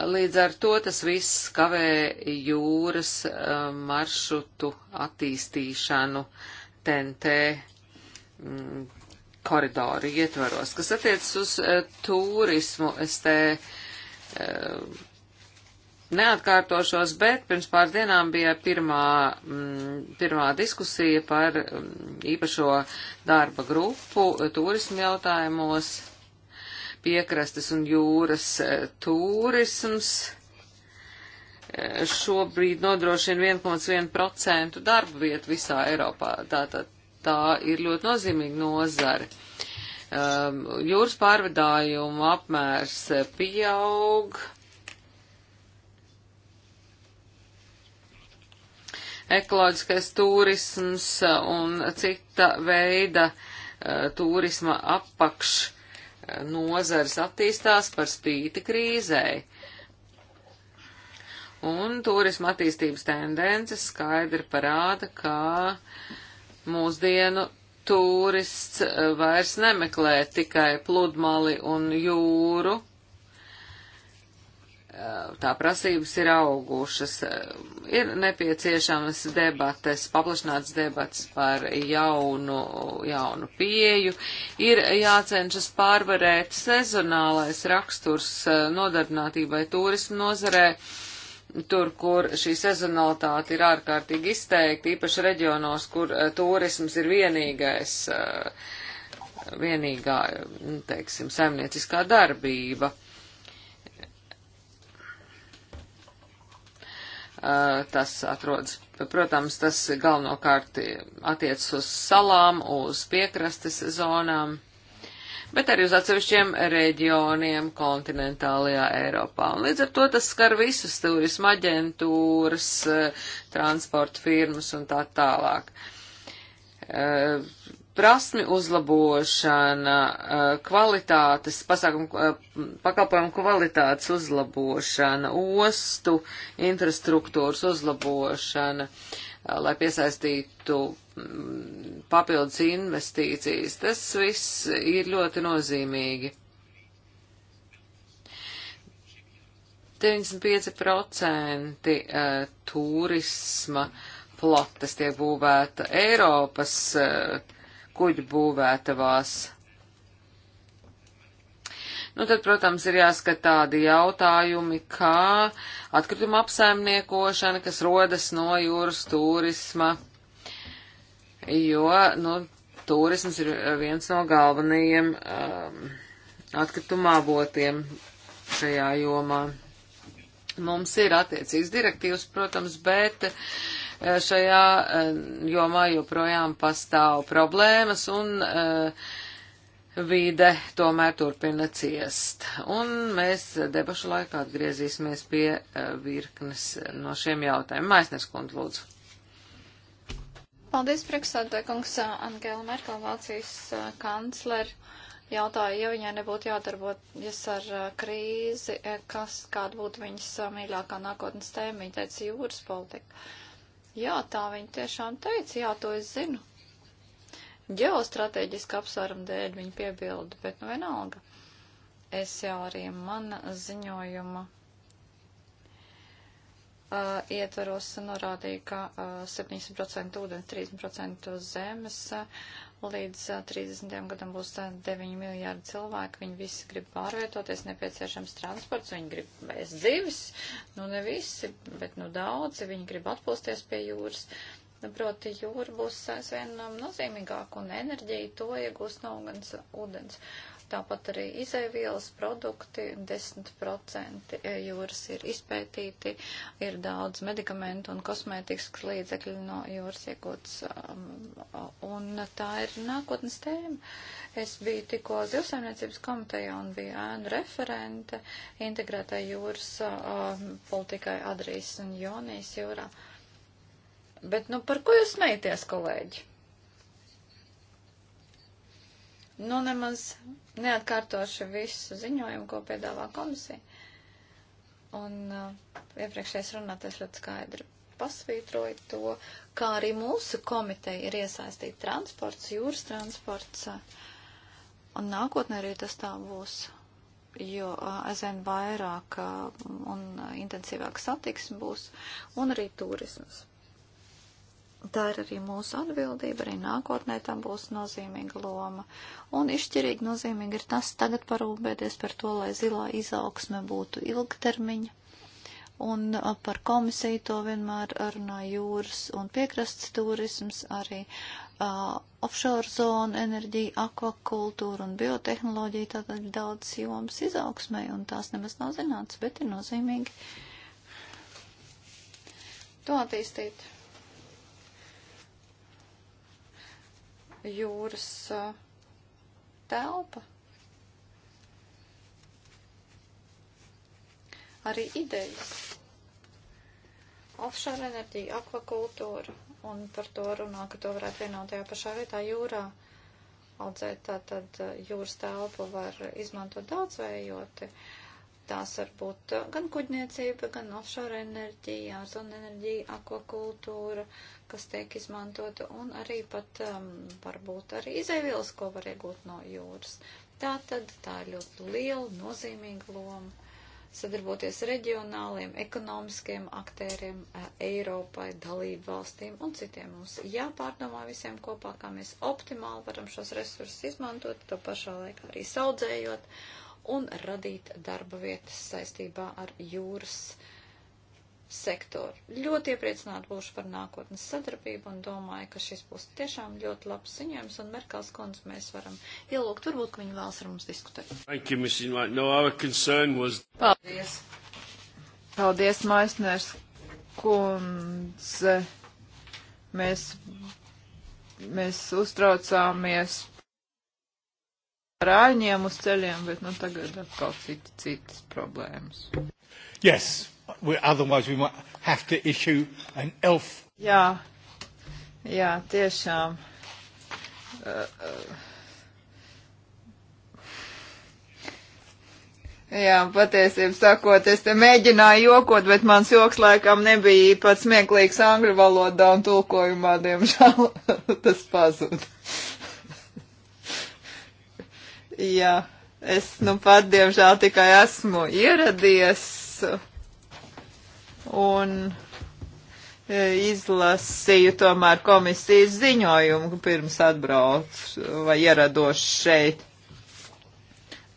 Līdz ar to tas viss kavē jūras maršrutu attīstīšanu. Uh, TNT mm, koridoru ietvaros. Kas attiecas uz eh, turismu, es te eh, neatkārtošos, bet pirms pāris dienām bija pirmā, m, mm, pirmā diskusija par m, mm, īpašo darba grupu eh, turismu jautājumos, piekrastes un jūras turisms šobrīd nodrošina 1,1% darba vietu visā Eiropā. Tātad tā, tā ir ļoti nozīmīga nozare. Um, jūras pārvadājumu apmērs pieaug. Ekoloģiskais turisms un cita veida uh, turisma apakš uh, nozars attīstās par spīti krīzei. Un turisma attīstības tendences skaidri parāda, ka mūsdienu turists eh, vairs nemeklē tikai pludmali un jūru. Eh, tā prasības ir augušas. Eh, ir nepieciešamas debates, paplašināts debats par jaunu, jaunu pieju. Ir jācenšas pārvarēt sezonālais raksturs nodarbinātībai turismu nozarē tur, kur šī sezonalitāte ir ārkārtīgi izteikta, īpaši reģionos, kur eh, turisms ir vienīgais, eh, vienīgā, nu, teiksim, saimnieciskā darbība. Eh, tas atrodas, protams, tas galvenokārt attiec uz salām, uz piekrastes zonām bet arī uz atsevišķiem reģioniem kontinentālajā Eiropā. Un līdz ar to tas skar visus turisma aģentūras, eh, transporta firmas un tā tālāk. Eh, prasmi uzlabošana, eh, kvalitātes, pasākumu, pakalpojumu kvalitātes uzlabošana, ostu infrastruktūras uzlabošana. Uh, lai piesaistītu mm, papildus investīcijas. Tas viss ir ļoti nozīmīgi. 95% eh, turisma plotas tiek būvēta Eiropas eh, kuģu būvētavās. Nu, tad, protams, ir jāskat tādi jautājumi, kā atkrituma apsaimniekošana, kas rodas no jūras turisma, jo, nu, turisms ir viens no galvenajiem um, atkrituma avotiem šajā jomā. Mums ir attiecīgs direktīvas, protams, bet eh, šajā eh, jomā joprojām pastāv problēmas un uh, vīde tomēr turpina ciest. Un mēs debašu laikā atgriezīsimies pie eh, virknes no šiem jautājumiem. Maisnes kundze, lūdzu. Paldies, priekšsēdētāji kungs Angela Merkel, Vācijas eh, kancleri. Jautāju, ja viņai nebūtu jādarbojas ar eh, krīzi, kas, kāda būtu viņas mīļākā nākotnes tēma, viņa teica jūras politika. Jā, tā viņa tiešām teica, jā, to es zinu ģeostrateģiska apsvēruma dēļ viņa piebildu, bet nu vienalga. Es jau arī mana ziņojuma uh, ietvaros norādīju, ka uh, 70% ūdens, 30% zemes uh, līdz uh, 30. gadam būs uh, 9 miljārdi cilvēki. Viņi visi grib pārvietoties, nepieciešams transports, viņi grib bez zivis, nu ne visi, bet nu daudzi, viņi grib atpūsties pie jūras. Uh, Nu, proti jūra būs aizvien um, nozīmīgāka un enerģija to iegūst no ugans ūdens. Tāpat arī izēvielas produkti 10% e, jūras ir izpētīti, ir daudz medikamentu un kosmētikas līdzekļu no jūras iegūts. Um, un tā ir nākotnes tēma. Es biju tikko zivsaimniecības komitejā un biju ēnu referente integrētai jūras um, politikai Adrijas un Jonijas jūrā. Uh, Bet, nu, par ko jūs smējaties, kolēģi? Nu, nemaz neatkārtošu visu ziņojumu, ko piedāvā komisija. Un uh, iepriekšējais runātais ļoti skaidri pasvītroja to, kā arī mūsu komiteja ir iesaistīta transports, jūras transports. Uh, un nākotnē arī tas tā būs, jo uh, aizvien vairāk uh, un intensīvāk satiksme būs, un arī turisms tā ir arī mūsu atbildība, arī nākotnē tam būs nozīmīga loma. Un izšķirīgi nozīmīgi ir tas tagad parūpēties par to, lai zilā izaugsme būtu ilgtermiņa. Un par komisiju to vienmēr runā jūras un piekrasts turisms, arī uh, offshore zona, enerģija, akvakultūra un biotehnoloģija, tātad daudz jomas izaugsmē, un tās nemaz nav zināts, bet ir nozīmīgi to attīstīt. jūras uh, telpa. Arī idejas. Offshore enerģija, akvakultūra, un par to runā, ka to varētu vienotajā pašā vietā jūrā audzēt. Tātad uh, jūras telpu var izmantot daudzvējoti. Uh, Tās var būt uh, gan kuģniecība, gan offshore enerģija, ārzona enerģija, akvakultūra, kas tiek izmantota, un arī pat um, varbūt arī izēvielas, ko var iegūt no jūras. Tā tad tā ir ļoti liela, nozīmīga loma sadarboties reģionāliem, ekonomiskiem aktēriem, uh, Eiropai, dalību valstīm un citiem. Mums jāpārdomā visiem kopā, kā mēs optimāli varam šos resursus izmantot, to pašā laikā arī saudzējot un radīt darba vietas saistībā ar jūras sektoru. Ļoti iepriecināti būšu par nākotnes sadarbību un domāju, ka šis būs tiešām ļoti labs ziņojums un Merkels kundze mēs varam ielūgt, varbūt, ka viņi vēlas ar mums diskutēt. Thank you, Mrs. White. No, our concern was... Paldies. Paldies, Maisners kundze. Mēs, mēs uztraucāmies ar āņiem uz ceļiem, bet nu tagad atkal cita, citas problēmas. Yes, we, otherwise we might have to issue an elf. Jā, jā, tiešām. Uh, uh. Jā, patiesībā sakot, es te mēģināju jokot, bet mans joks laikam nebija pat smieklīgs angļu valodā un tulkojumā, diemžēl tas pazuda ja es nu pat, diemžēl, tikai esmu ieradies un e, izlasīju tomēr komisijas ziņojumu pirms atbraucu vai ierados šeit.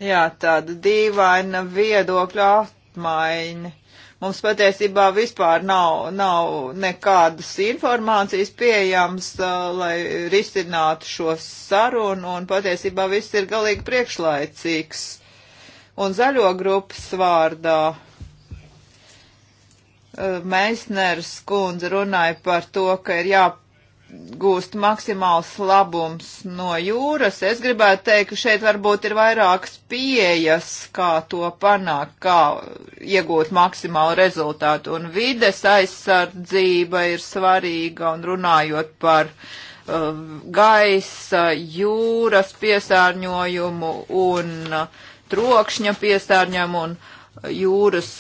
Jā, tāda dīvaina viedokļa apmaiņa. Mums patiesībā vispār nav, nav nekādas informācijas pieejams, uh, lai risinātu šo sarunu, un patiesībā viss ir galīgi priekšlaicīgs. Un zaļo grupas vārdā uh, Meisners kundze runāja par to, ka ir jāpārāk gūst maksimāls labums no jūras. Es gribētu teikt, ka šeit varbūt ir vairākas pieejas, kā to panākt, kā iegūt maksimālu rezultātu. Un vides aizsardzība ir svarīga, un runājot par uh, gaisa, jūras piesārņojumu un uh, trokšņa piesārņojumu un uh, jūras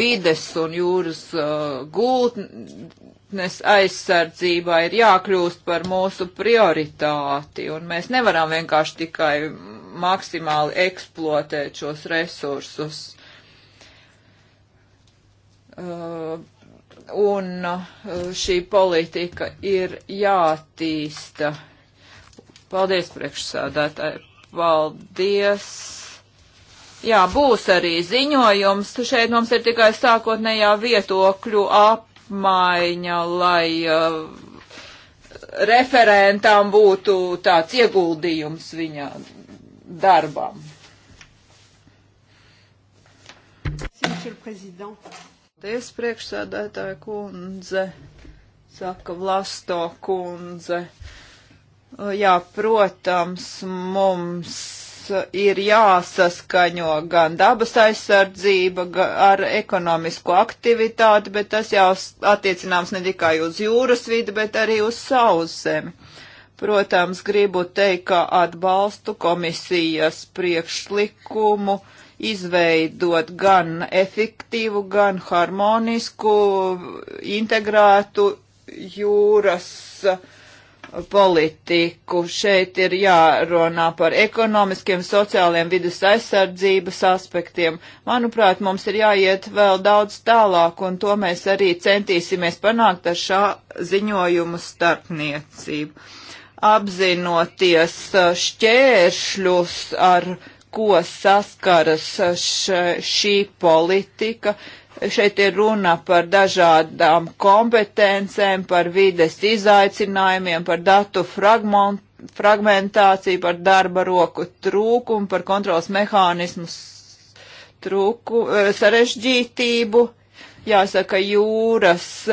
vides un jūras uh, gultnes Nes aizsardzība ir jākļūst par mūsu prioritāti, un mēs nevaram vienkārši tikai maksimāli eksploatēt šos resursus. Uh, un uh, šī politika ir jātīsta. Paldies, priekšsādātāji. Paldies. Jā, būs arī ziņojums. Šeit mums ir tikai sākotnējā vietokļu ap apmaiņa, lai uh, referentām būtu tāds ieguldījums viņa darbam. Paldies, priekšsēdētāja kundze, saka Vlasto kundze. Jā, protams, mums ir jāsaskaņo gan dabas aizsardzība gan ar ekonomisko aktivitāti, bet tas jau attiecināms ne tikai uz jūras vidi, bet arī uz sauszemi. Protams, gribu teikt, ka atbalstu komisijas priekšlikumu izveidot gan efektīvu, gan harmonisku, integrētu jūras uh, politiku. Šeit ir jārunā par ekonomiskiem, sociāliem vidas aizsardzības aspektiem. Manuprāt, mums ir jāiet vēl daudz tālāk, un to mēs arī centīsimies panākt ar šā ziņojumu starpniecību. Apzinoties šķēršļus, ar ko saskaras š, šī politika, Šeit ir runa par dažādām kompetencēm, par vides izaicinājumiem, par datu fragmentāciju, par darba roku trūkumu, par kontrols mehānismu trūku, e, sarežģītību. Jāsaka, jūras e,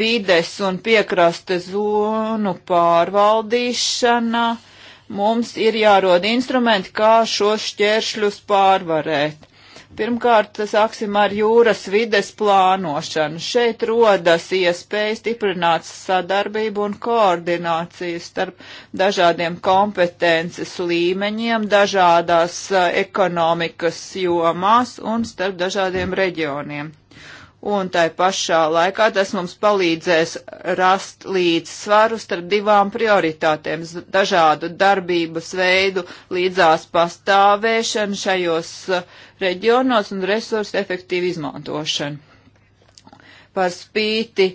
vides un piekraste zonu pārvaldīšana mums ir jārod instrumenti, kā šos šķēršļus pārvarēt. Pirmkārt, sāksim ar jūras vides plānošanu. Šeit rodas iespēja stiprināt sadarbību un koordināciju starp dažādiem kompetences līmeņiem, dažādās eh, ekonomikas jomās un starp dažādiem reģioniem un tai pašā laikā tas mums palīdzēs rast līdzsvaru starp divām prioritātēm - dažādu darbības veidu līdzās pastāvēšanu šajos eh, reģionos un resursu efektīvu izmantošanu. Par spīti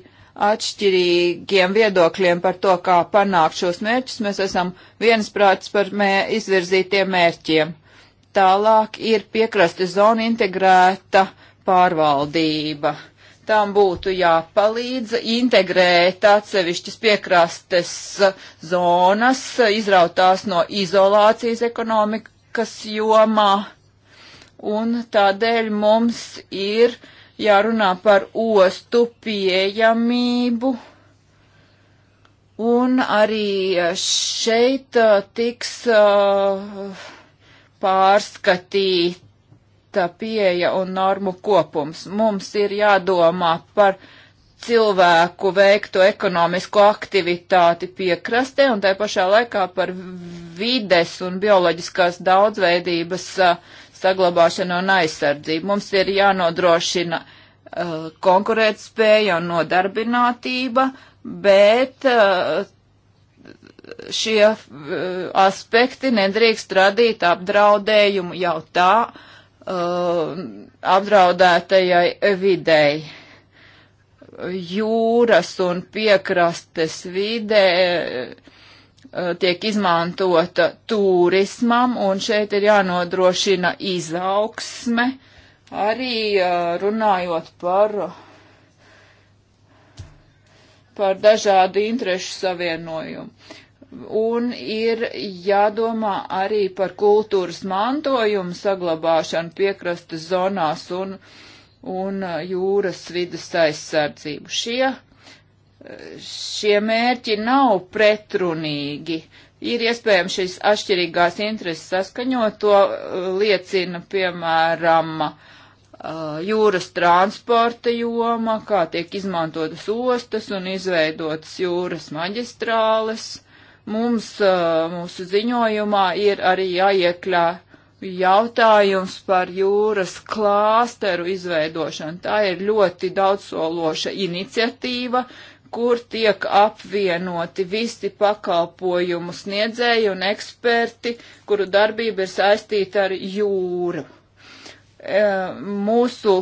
atšķirīgiem viedokļiem par to, kā panākt šos mērķus, mēs esam viensprāts par mē, izvirzītiem mērķiem. Tālāk ir piekrastes zona integrēta uh, pārvaldība. Tām būtu jāpalīdz integrēt atsevišķas piekrastes zonas, izrautās no izolācijas ekonomikas jomā, un tādēļ mums ir jārunā par ostu pieejamību. Un arī šeit uh, tiks uh, pārskatīt vienota pieeja un normu kopums. Mums ir jādomā par cilvēku veikto ekonomisko aktivitāti piekrastē un tai pašā laikā par vides un bioloģiskās daudzveidības saglabāšanu un aizsardzību. Mums ir jānodrošina uh, konkurētspēja un nodarbinātība, bet uh, šie uh, aspekti nedrīkst radīt apdraudējumu jau tā Uh, apdraudētajai videi. Jūras un piekrastes vidē uh, tiek izmantota turismam, un šeit ir jānodrošina izaugsme, arī uh, runājot par, par dažādu interešu savienojumu un ir jādomā arī par kultūras mantojumu saglabāšanu piekrastes zonās un, un uh, jūras vidas aizsardzību. Šie, uh, šie mērķi nav pretrunīgi. Ir iespējams šīs atšķirīgās intereses saskaņot, to uh, liecina, piemēram, uh, jūras transporta joma, kā tiek izmantotas ostas un izveidotas jūras maģistrāles mums mūsu ziņojumā ir arī jāiekļā jautājums par jūras klāsteru izveidošanu. Tā ir ļoti daudzsološa iniciatīva, kur tiek apvienoti visi pakalpojumu sniedzēji un eksperti, kuru darbība ir saistīta ar jūru. E, mūsu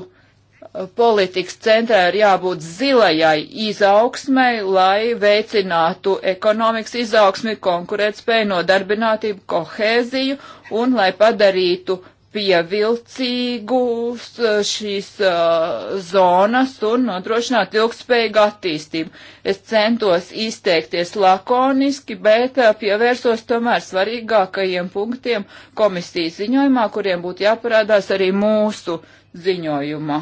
politikas centrā ir jābūt zilajai izaugsmai, lai veicinātu ekonomikas izaugsmi, konkurētspēju, nodarbinātību, kohēziju un lai padarītu pievilcīgus uh, šīs uh, zonas un nodrošinātu ilgspējīgu attīstību. Es centos izteikties lakoniski, bet uh, pievērsos tomēr svarīgākajiem punktiem komisijas ziņojumā, kuriem būtu jāparādās arī mūsu ziņojumā.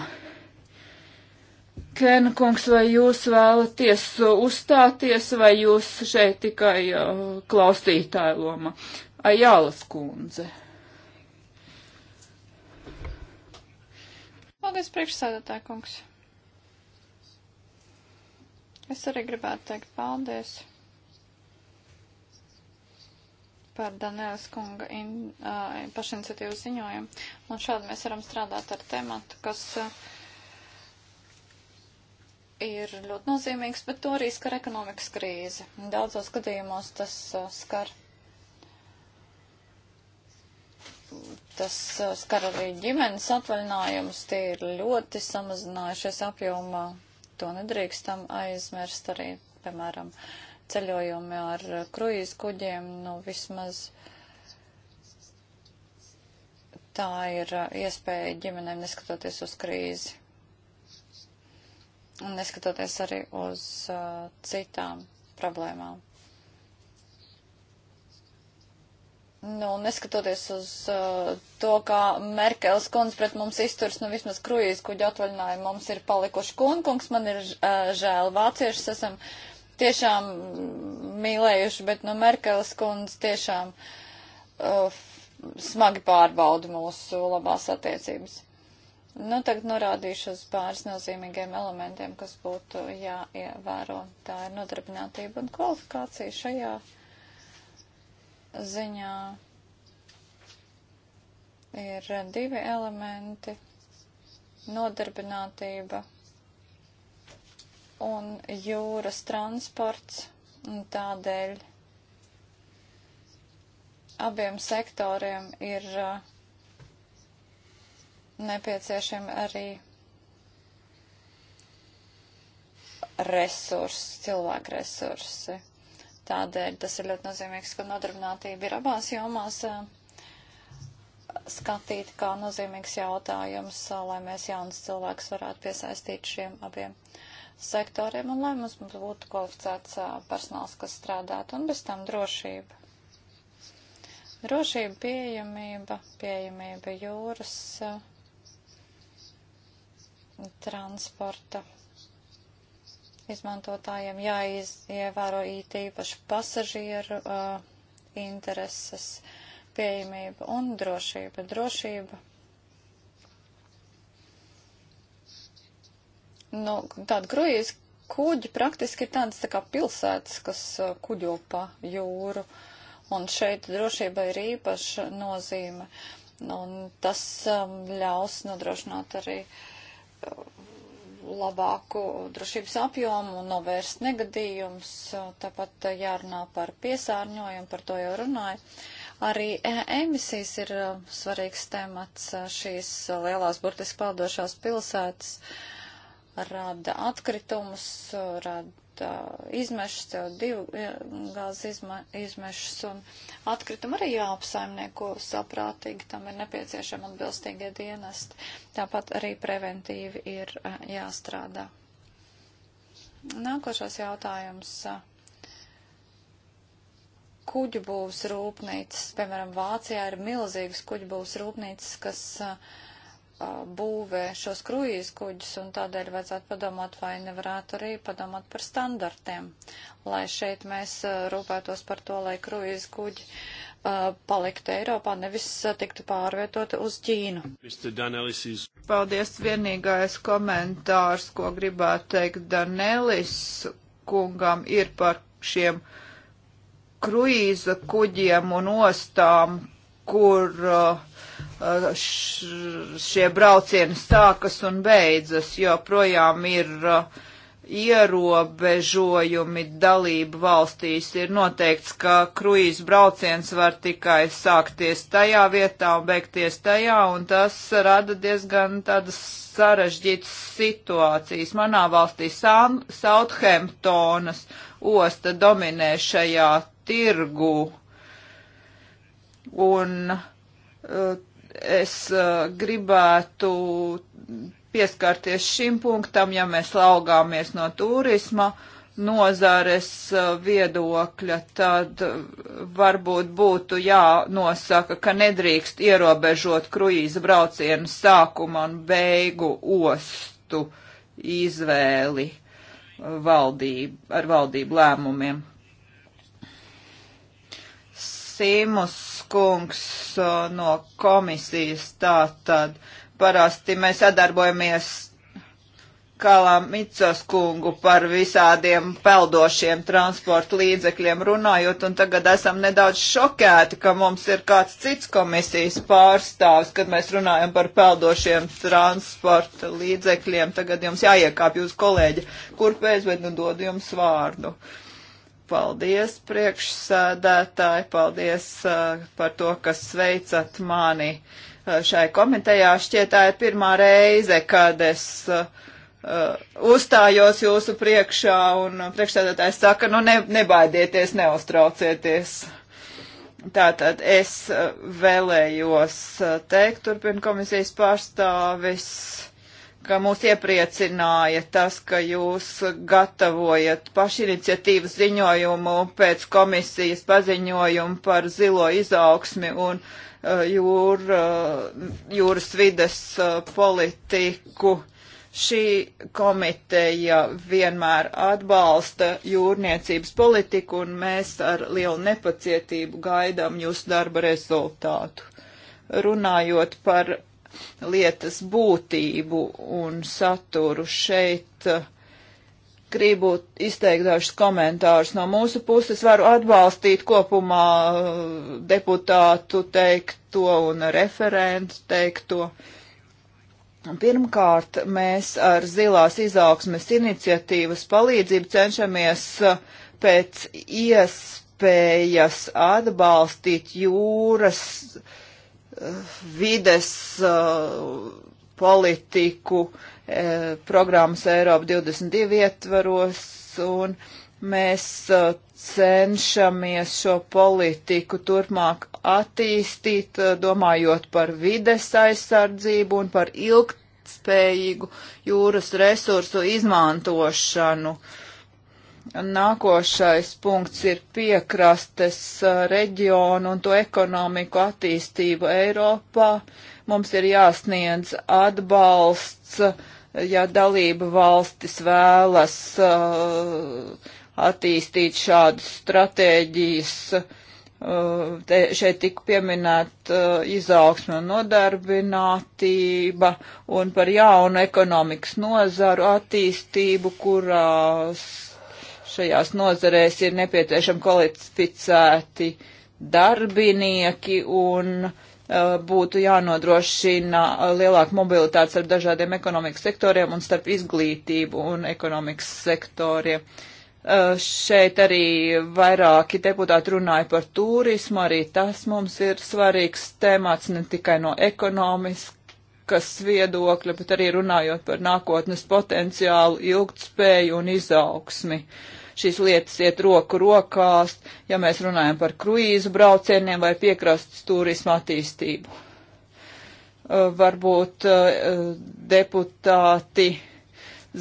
Ken kungs, vai jūs vēlaties uzstāties, vai jūs šeit tikai uh, klausītāja loma? Ajālas kundze. Paldies, priekšsēdētāja kungs. Es arī gribētu teikt paldies par Danēlas kunga in, uh, pašiniciatīvu ziņojumu. Un šādi mēs varam strādāt ar tematu, kas. Uh, ir ļoti nozīmīgs, bet to arī skar ekonomikas krīze. Daudzos gadījumos tas uh, skar. Tas uh, skar arī ģimenes atvaļinājumus, tie ir ļoti samazinājušies apjomā. To nedrīkstam aizmirst arī, piemēram, ceļojumi ar kruīz kuģiem, nu vismaz tā ir uh, iespēja ģimenēm neskatoties uz krīzi neskatoties arī uz uh, citām problēmām. Nu, neskatoties uz uh, to, kā Merkels kundze pret mums izturs, nu vismaz kruīz kuģa atvaļinājumu mums ir palikuši kunkungs, man ir uh, žēl vāciešus, esam tiešām mīlējuši, bet nu Merkels kundze tiešām uh, smagi pārbauda mūsu labās attiecības. Nu, tagad norādīšu uz pāris nozīmīgiem elementiem, kas būtu jāievēro. Tā ir nodarbinātība un kvalifikācija šajā ziņā. Ir divi elementi - nodarbinātība un jūras transports, un tādēļ abiem sektoriem ir uh, nepieciešami arī resursi, cilvēku resursi. Tādēļ tas ir ļoti nozīmīgs, ka nodarbinātība ir abās jomās skatīt kā nozīmīgs jautājums, lai mēs jaunas cilvēkus varētu piesaistīt šiem abiem sektoriem un lai mums būtu kvalificēts personāls, kas strādātu, un bez tam drošība. Drošība, pieejamība, pieejamība jūras. Uh, transporta izmantotājiem jāievēro it īpaši pasažieru uh, intereses, pieejamība un drošība. Drošība. Nu, tāda grujas kuģi praktiski ir tādas tā kā pilsētas, kas uh, kuģo pa jūru, un šeit drošība ir īpaša nozīme, un tas um, ļaus nodrošināt arī uh, labāku drošības apjomu un novērst negadījumus. Tāpat jārunā par piesārņojumu, par to jau runāju. Arī e, emisijas ir e, svarīgs temats. Šīs lielās burtiski peldošās pilsētas rada atkritumus, rada izmešas, CO2 gāzes izmešas un atkritumi arī jāapsaimnieko saprātīgi, tam ir nepieciešama atbilstīgie dienesti. Tāpat arī preventīvi ir jāstrādā. Nākošais jautājums. Kuģu būvs rūpnīcas, piemēram, Vācijā ir milzīgas kuģu būvs rūpnīcas, kas uh, būvē šos kruīzu kuģus, un tādēļ vajadzētu padomāt, vai nevarētu arī padomāt par standartiem, lai šeit mēs rūpētos par to, lai kruīzu kuģi paliktu Eiropā, nevis tiktu pārvietoti uz Ķīnu. Paldies, vienīgais komentārs, ko gribētu teikt Danelis kungam, ir par šiem kruīza kuģiem un ostām, kur uh, uh, šie braucieni sākas un beidzas, jo projām ir uh, ierobežojumi dalību valstīs. Ir noteikts, ka kruīz brauciens var tikai sākties tajā vietā un beigties tajā, un tas rada diezgan tādas sarežģītas situācijas. Manā valstī Southamptonas osta dominē šajā tirgu Un eh, es eh, gribētu pieskarties šim punktam, ja mēs laugāmies no turisma nozares eh, viedokļa, tad varbūt būtu jānosaka, ka nedrīkst ierobežot kruīza braucienu sākumu un beigu ostu izvēli valdību, ar valdību lēmumiem. Simus kungs no komisijas tātad. Parasti mēs sadarbojamies Kalamicos kungu par visādiem peldošiem transporta līdzekļiem runājot, un tagad esam nedaudz šokēti, ka mums ir kāds cits komisijas pārstāvs, kad mēs runājam par peldošiem transporta līdzekļiem. Tagad jums jāiekāp jūs kolēģi, kurpēc, bet nu dodu jums vārdu. Uh, Paldies, priekšsēdētāji, paldies uh, par to, ka sveicat mani uh, šai komitejā. Šķiet, tā ir pirmā reize, kad es uh, uh uzstājos jūsu priekšā un priekšsēdētājs saka, nu ne, nebaidieties, neuztraucieties. Tātad es uh, vēlējos uh, teikt, turpina komisijas pārstāvis ka mūs iepriecināja tas, ka jūs gatavojat pašiniciatīvas ziņojumu pēc komisijas paziņojumu par zilo izaugsmi un uh, jūr, uh, jūras vides uh, politiku. Šī komiteja vienmēr atbalsta jūrniecības politiku, un mēs ar lielu nepacietību gaidām jūsu darba rezultātu runājot par lietas būtību un saturu. Šeit eh, gribu izteikt dažus komentārus no mūsu puses. Varu atbalstīt kopumā eh, deputātu teikto un referentu teikto. Pirmkārt, mēs ar zilās izaugsmes iniciatīvas palīdzību cenšamies eh, pēc iespējas atbalstīt jūras vides uh, politiku uh, programmas Eiropa 22 ietvaros, un mēs uh, cenšamies šo politiku turpmāk attīstīt, domājot par vides aizsardzību un par ilgtspējīgu jūras resursu izmantošanu. Uh, Nākošais punkts ir piekrastes uh, reģionu un to ekonomiku attīstību Eiropā. Mums ir jāsniedz atbalsts, uh, ja dalība valstis vēlas uh, attīstīt šādas stratēģijas. Te, šeit tika pieminēt izaugsme un nodarbinātība un par jaunu ekonomikas nozaru attīstību, kurās šajās nozarēs ir nepieciešami kvalificēti darbinieki un uh, būtu jānodrošina uh, lielāka mobilitāte starp dažādiem ekonomikas sektoriem un starp izglītību un ekonomikas sektoriem. Uh, šeit arī vairāki deputāti runāja par turismu, arī tas mums ir svarīgs temats ne tikai no ekonomiskas viedokļa, bet arī runājot par nākotnes potenciālu, ilgtspēju un izaugsmi. Uh, šīs lietas iet roku rokās, ja mēs runājam par kruīzu braucieniem vai piekrastas turismu attīstību. Uh, varbūt uh, deputāti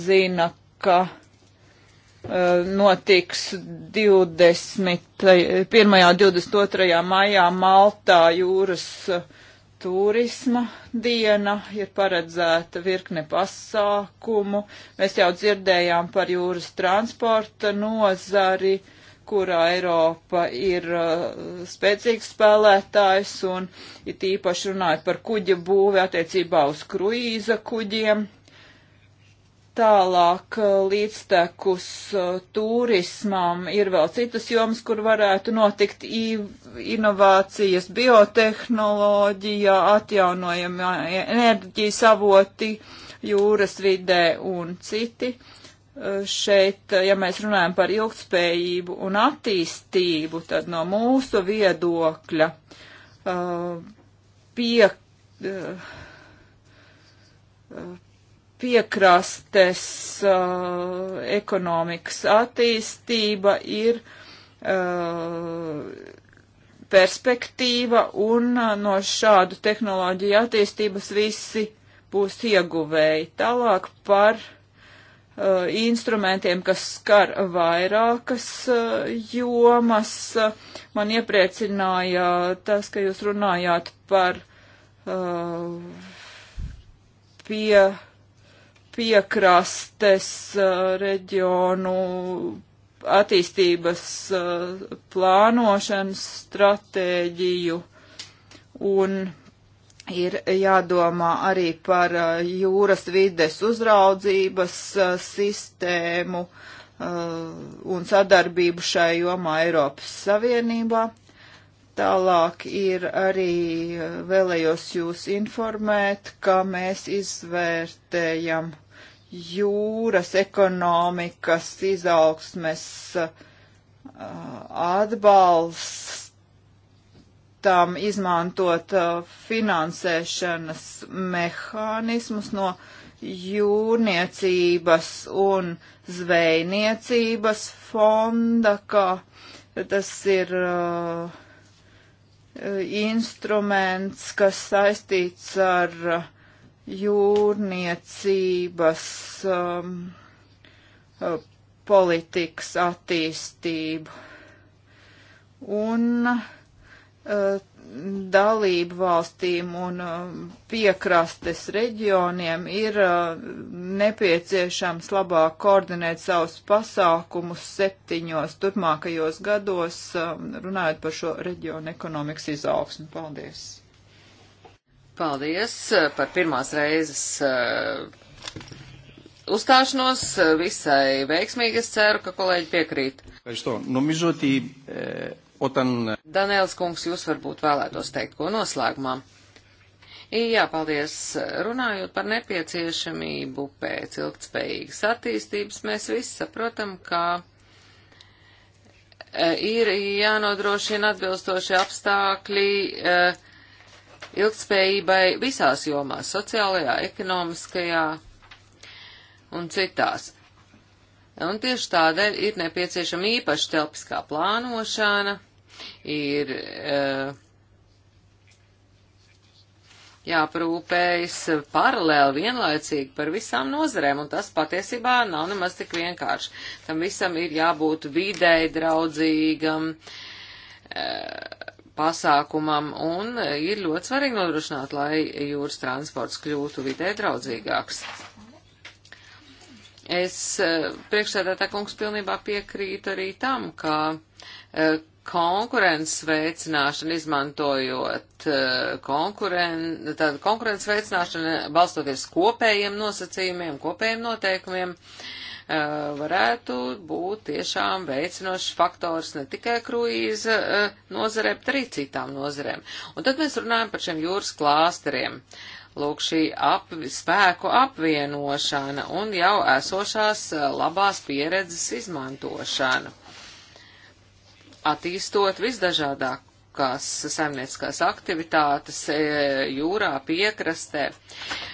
zina, ka uh, notiks 20, 1. 22. maijā Maltā jūras uh, turisma diena, ir paredzēta virkne pasākumu. Mēs jau dzirdējām par jūras transporta nozari, kurā Eiropa ir uh, spēcīgs spēlētājs un it īpaši runāja par kuģa būvi attiecībā uz kruīza kuģiem. Tālāk eh, līdztekus eh, turismam ir vēl citas jomas, kur varētu notikt inovācijas biotehnoloģijā, atjaunojamā enerģijas avoti, jūras vidē un citi. Eh, šeit, ja mēs runājam par ilgtspējību un attīstību, tad no mūsu viedokļa pie, piekrastes uh, ekonomikas attīstība ir uh, perspektīva un uh, no šādu tehnoloģiju attīstības visi būs ieguvēji. Tālāk par uh, instrumentiem, kas skar vairākas uh, jomas. Man iepriecināja tas, ka jūs runājāt par uh, pie piekrastes uh, reģionu attīstības uh, plānošanas stratēģiju un ir jādomā arī par uh, jūras vides uzraudzības sistēmu un sadarbību šai jomā Eiropas Savienībā. Tālāk ir arī vēlējos jūs informēt, ka mēs izvērtējam uh, jūras ekonomikas izaugsmes uh, atbalstam izmantot uh, finansēšanas mehānismus no jūrniecības un zvejniecības fonda, kā tas ir uh, instruments, kas saistīts ar uh, jūrniecības um, uh, politikas attīstību. Un uh, dalību valstīm un um, piekrastes reģioniem ir uh, nepieciešams labāk koordinēt savus pasākumus septiņos turpmākajos gados, um, runājot par šo reģionu ekonomikas izaugsmu. Paldies! Paldies eh, par pirmās reizes eh, uzstāšanos. Eh, visai veiksmīgi es ceru, ka kolēģi piekrīt. Daniels Kungs, jūs varbūt vēlētos teikt ko noslēgumā. Jā, paldies. Runājot par nepieciešamību pēc ilgtspējīgas attīstības, mēs visi saprotam, ka ir jānodrošina atbilstoši apstākļi. Uh, ilgspējībai visās jomās - sociālajā, ekonomiskajā un citās. Un tieši tādēļ ir nepieciešama īpaša telpiskā plānošana, ir eh, jāprūpējas paralēli vienlaicīgi par visām nozarēm, un tas patiesībā nav nemaz tik vienkārši. Tam visam ir jābūt videi draudzīgam. Uh, pasākumam, un ir ļoti svarīgi nodrošināt, lai jūras transports kļūtu vidē draudzīgāks. Es e, priekšsēdētā kungs pilnībā piekrītu arī tam, ka e, konkurences veicināšana, izmantojot e, konkuren, konkurences veicināšana, balstoties kopējiem nosacījumiem, kopējiem noteikumiem, uh, Eh, varētu būt tiešām veicinošs faktors ne tikai kruīza eh, nozarē, bet arī citām nozarēm. Un tad mēs runājam par šiem jūras klāsteriem. Lūk, šī ap, spēku apvienošana un jau esošās eh, labās pieredzes izmantošana, attīstot visdažādāk lielākās saimnieciskās aktivitātes e, jūrā, piekrastē.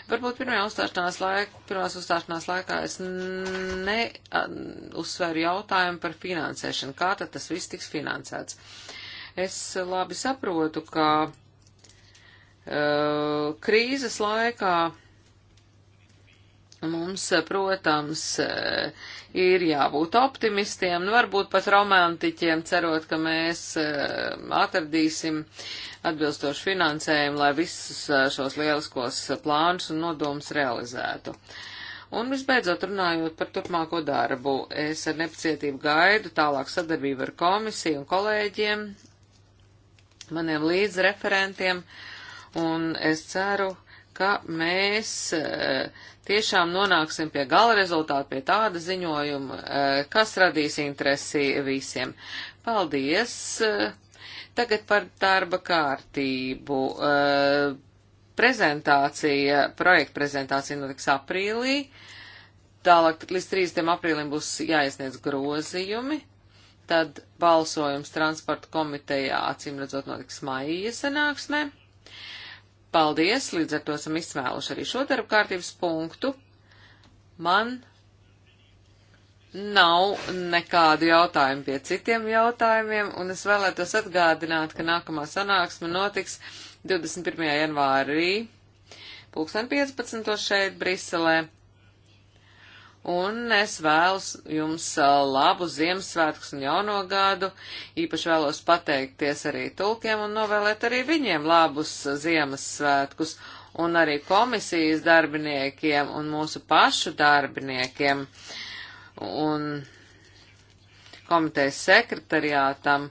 Varbūt pirmajā uzstāšanās laikā, pirmās uzstāšanās laikā es neuzsveru jautājumu par finansēšanu. Kā tad tas viss tiks finansēts? Es labi saprotu, ka uh, krīzes laikā Mums, eh, protams, eh, ir jābūt optimistiem, nu varbūt pat romantiķiem, cerot, ka mēs eh, atradīsim atbilstošu finansējumu, lai visus šos lieliskos plānus un nodomus realizētu. Un visbeidzot, runājot par turpmāko darbu, es ar nepacietību gaidu tālāk sadarbību ar komisiju un kolēģiem, maniem līdzreferentiem, un es ceru, ka mēs uh, tiešām nonāksim pie gala rezultātu, pie tāda ziņojuma, e, kas radīs interesi visiem. Paldies! E, tagad par darba kārtību. E, prezentācija, projekta prezentācija notiks aprīlī. Tālāk līdz 30. aprīlim būs jāiesniedz grozījumi. Tad balsojums transporta komitejā acīm redzot notiks maija sanāksmē. Paldies, līdz ar to esam izsmēluši arī šo darbu kārtības punktu. Man nav nekādu jautājumu pie citiem jautājumiem, un es vēlētos atgādināt, ka nākamā sanāksme notiks 21. janvārī, 2015. šeit, Briselē. Un es vēlos jums uh, labu Ziemassvētkus un jauno gadu. Īpaši vēlos pateikties arī tulkiem un novēlēt arī viņiem labus uh, Ziemassvētkus un arī komisijas darbiniekiem un mūsu pašu darbiniekiem un komitejas sekretariātam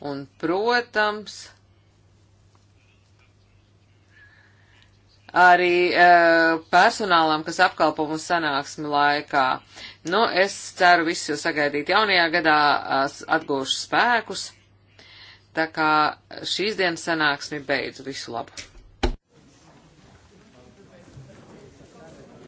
un, protams, arī uh, personālam, kas apkalpo mums sanāksmi laikā. Nu, es ceru visus jūs sagaidīt jaunajā gadā, uh, atgūšu spēkus. Tā kā šīs dienas sanāksmi beidz visu labu.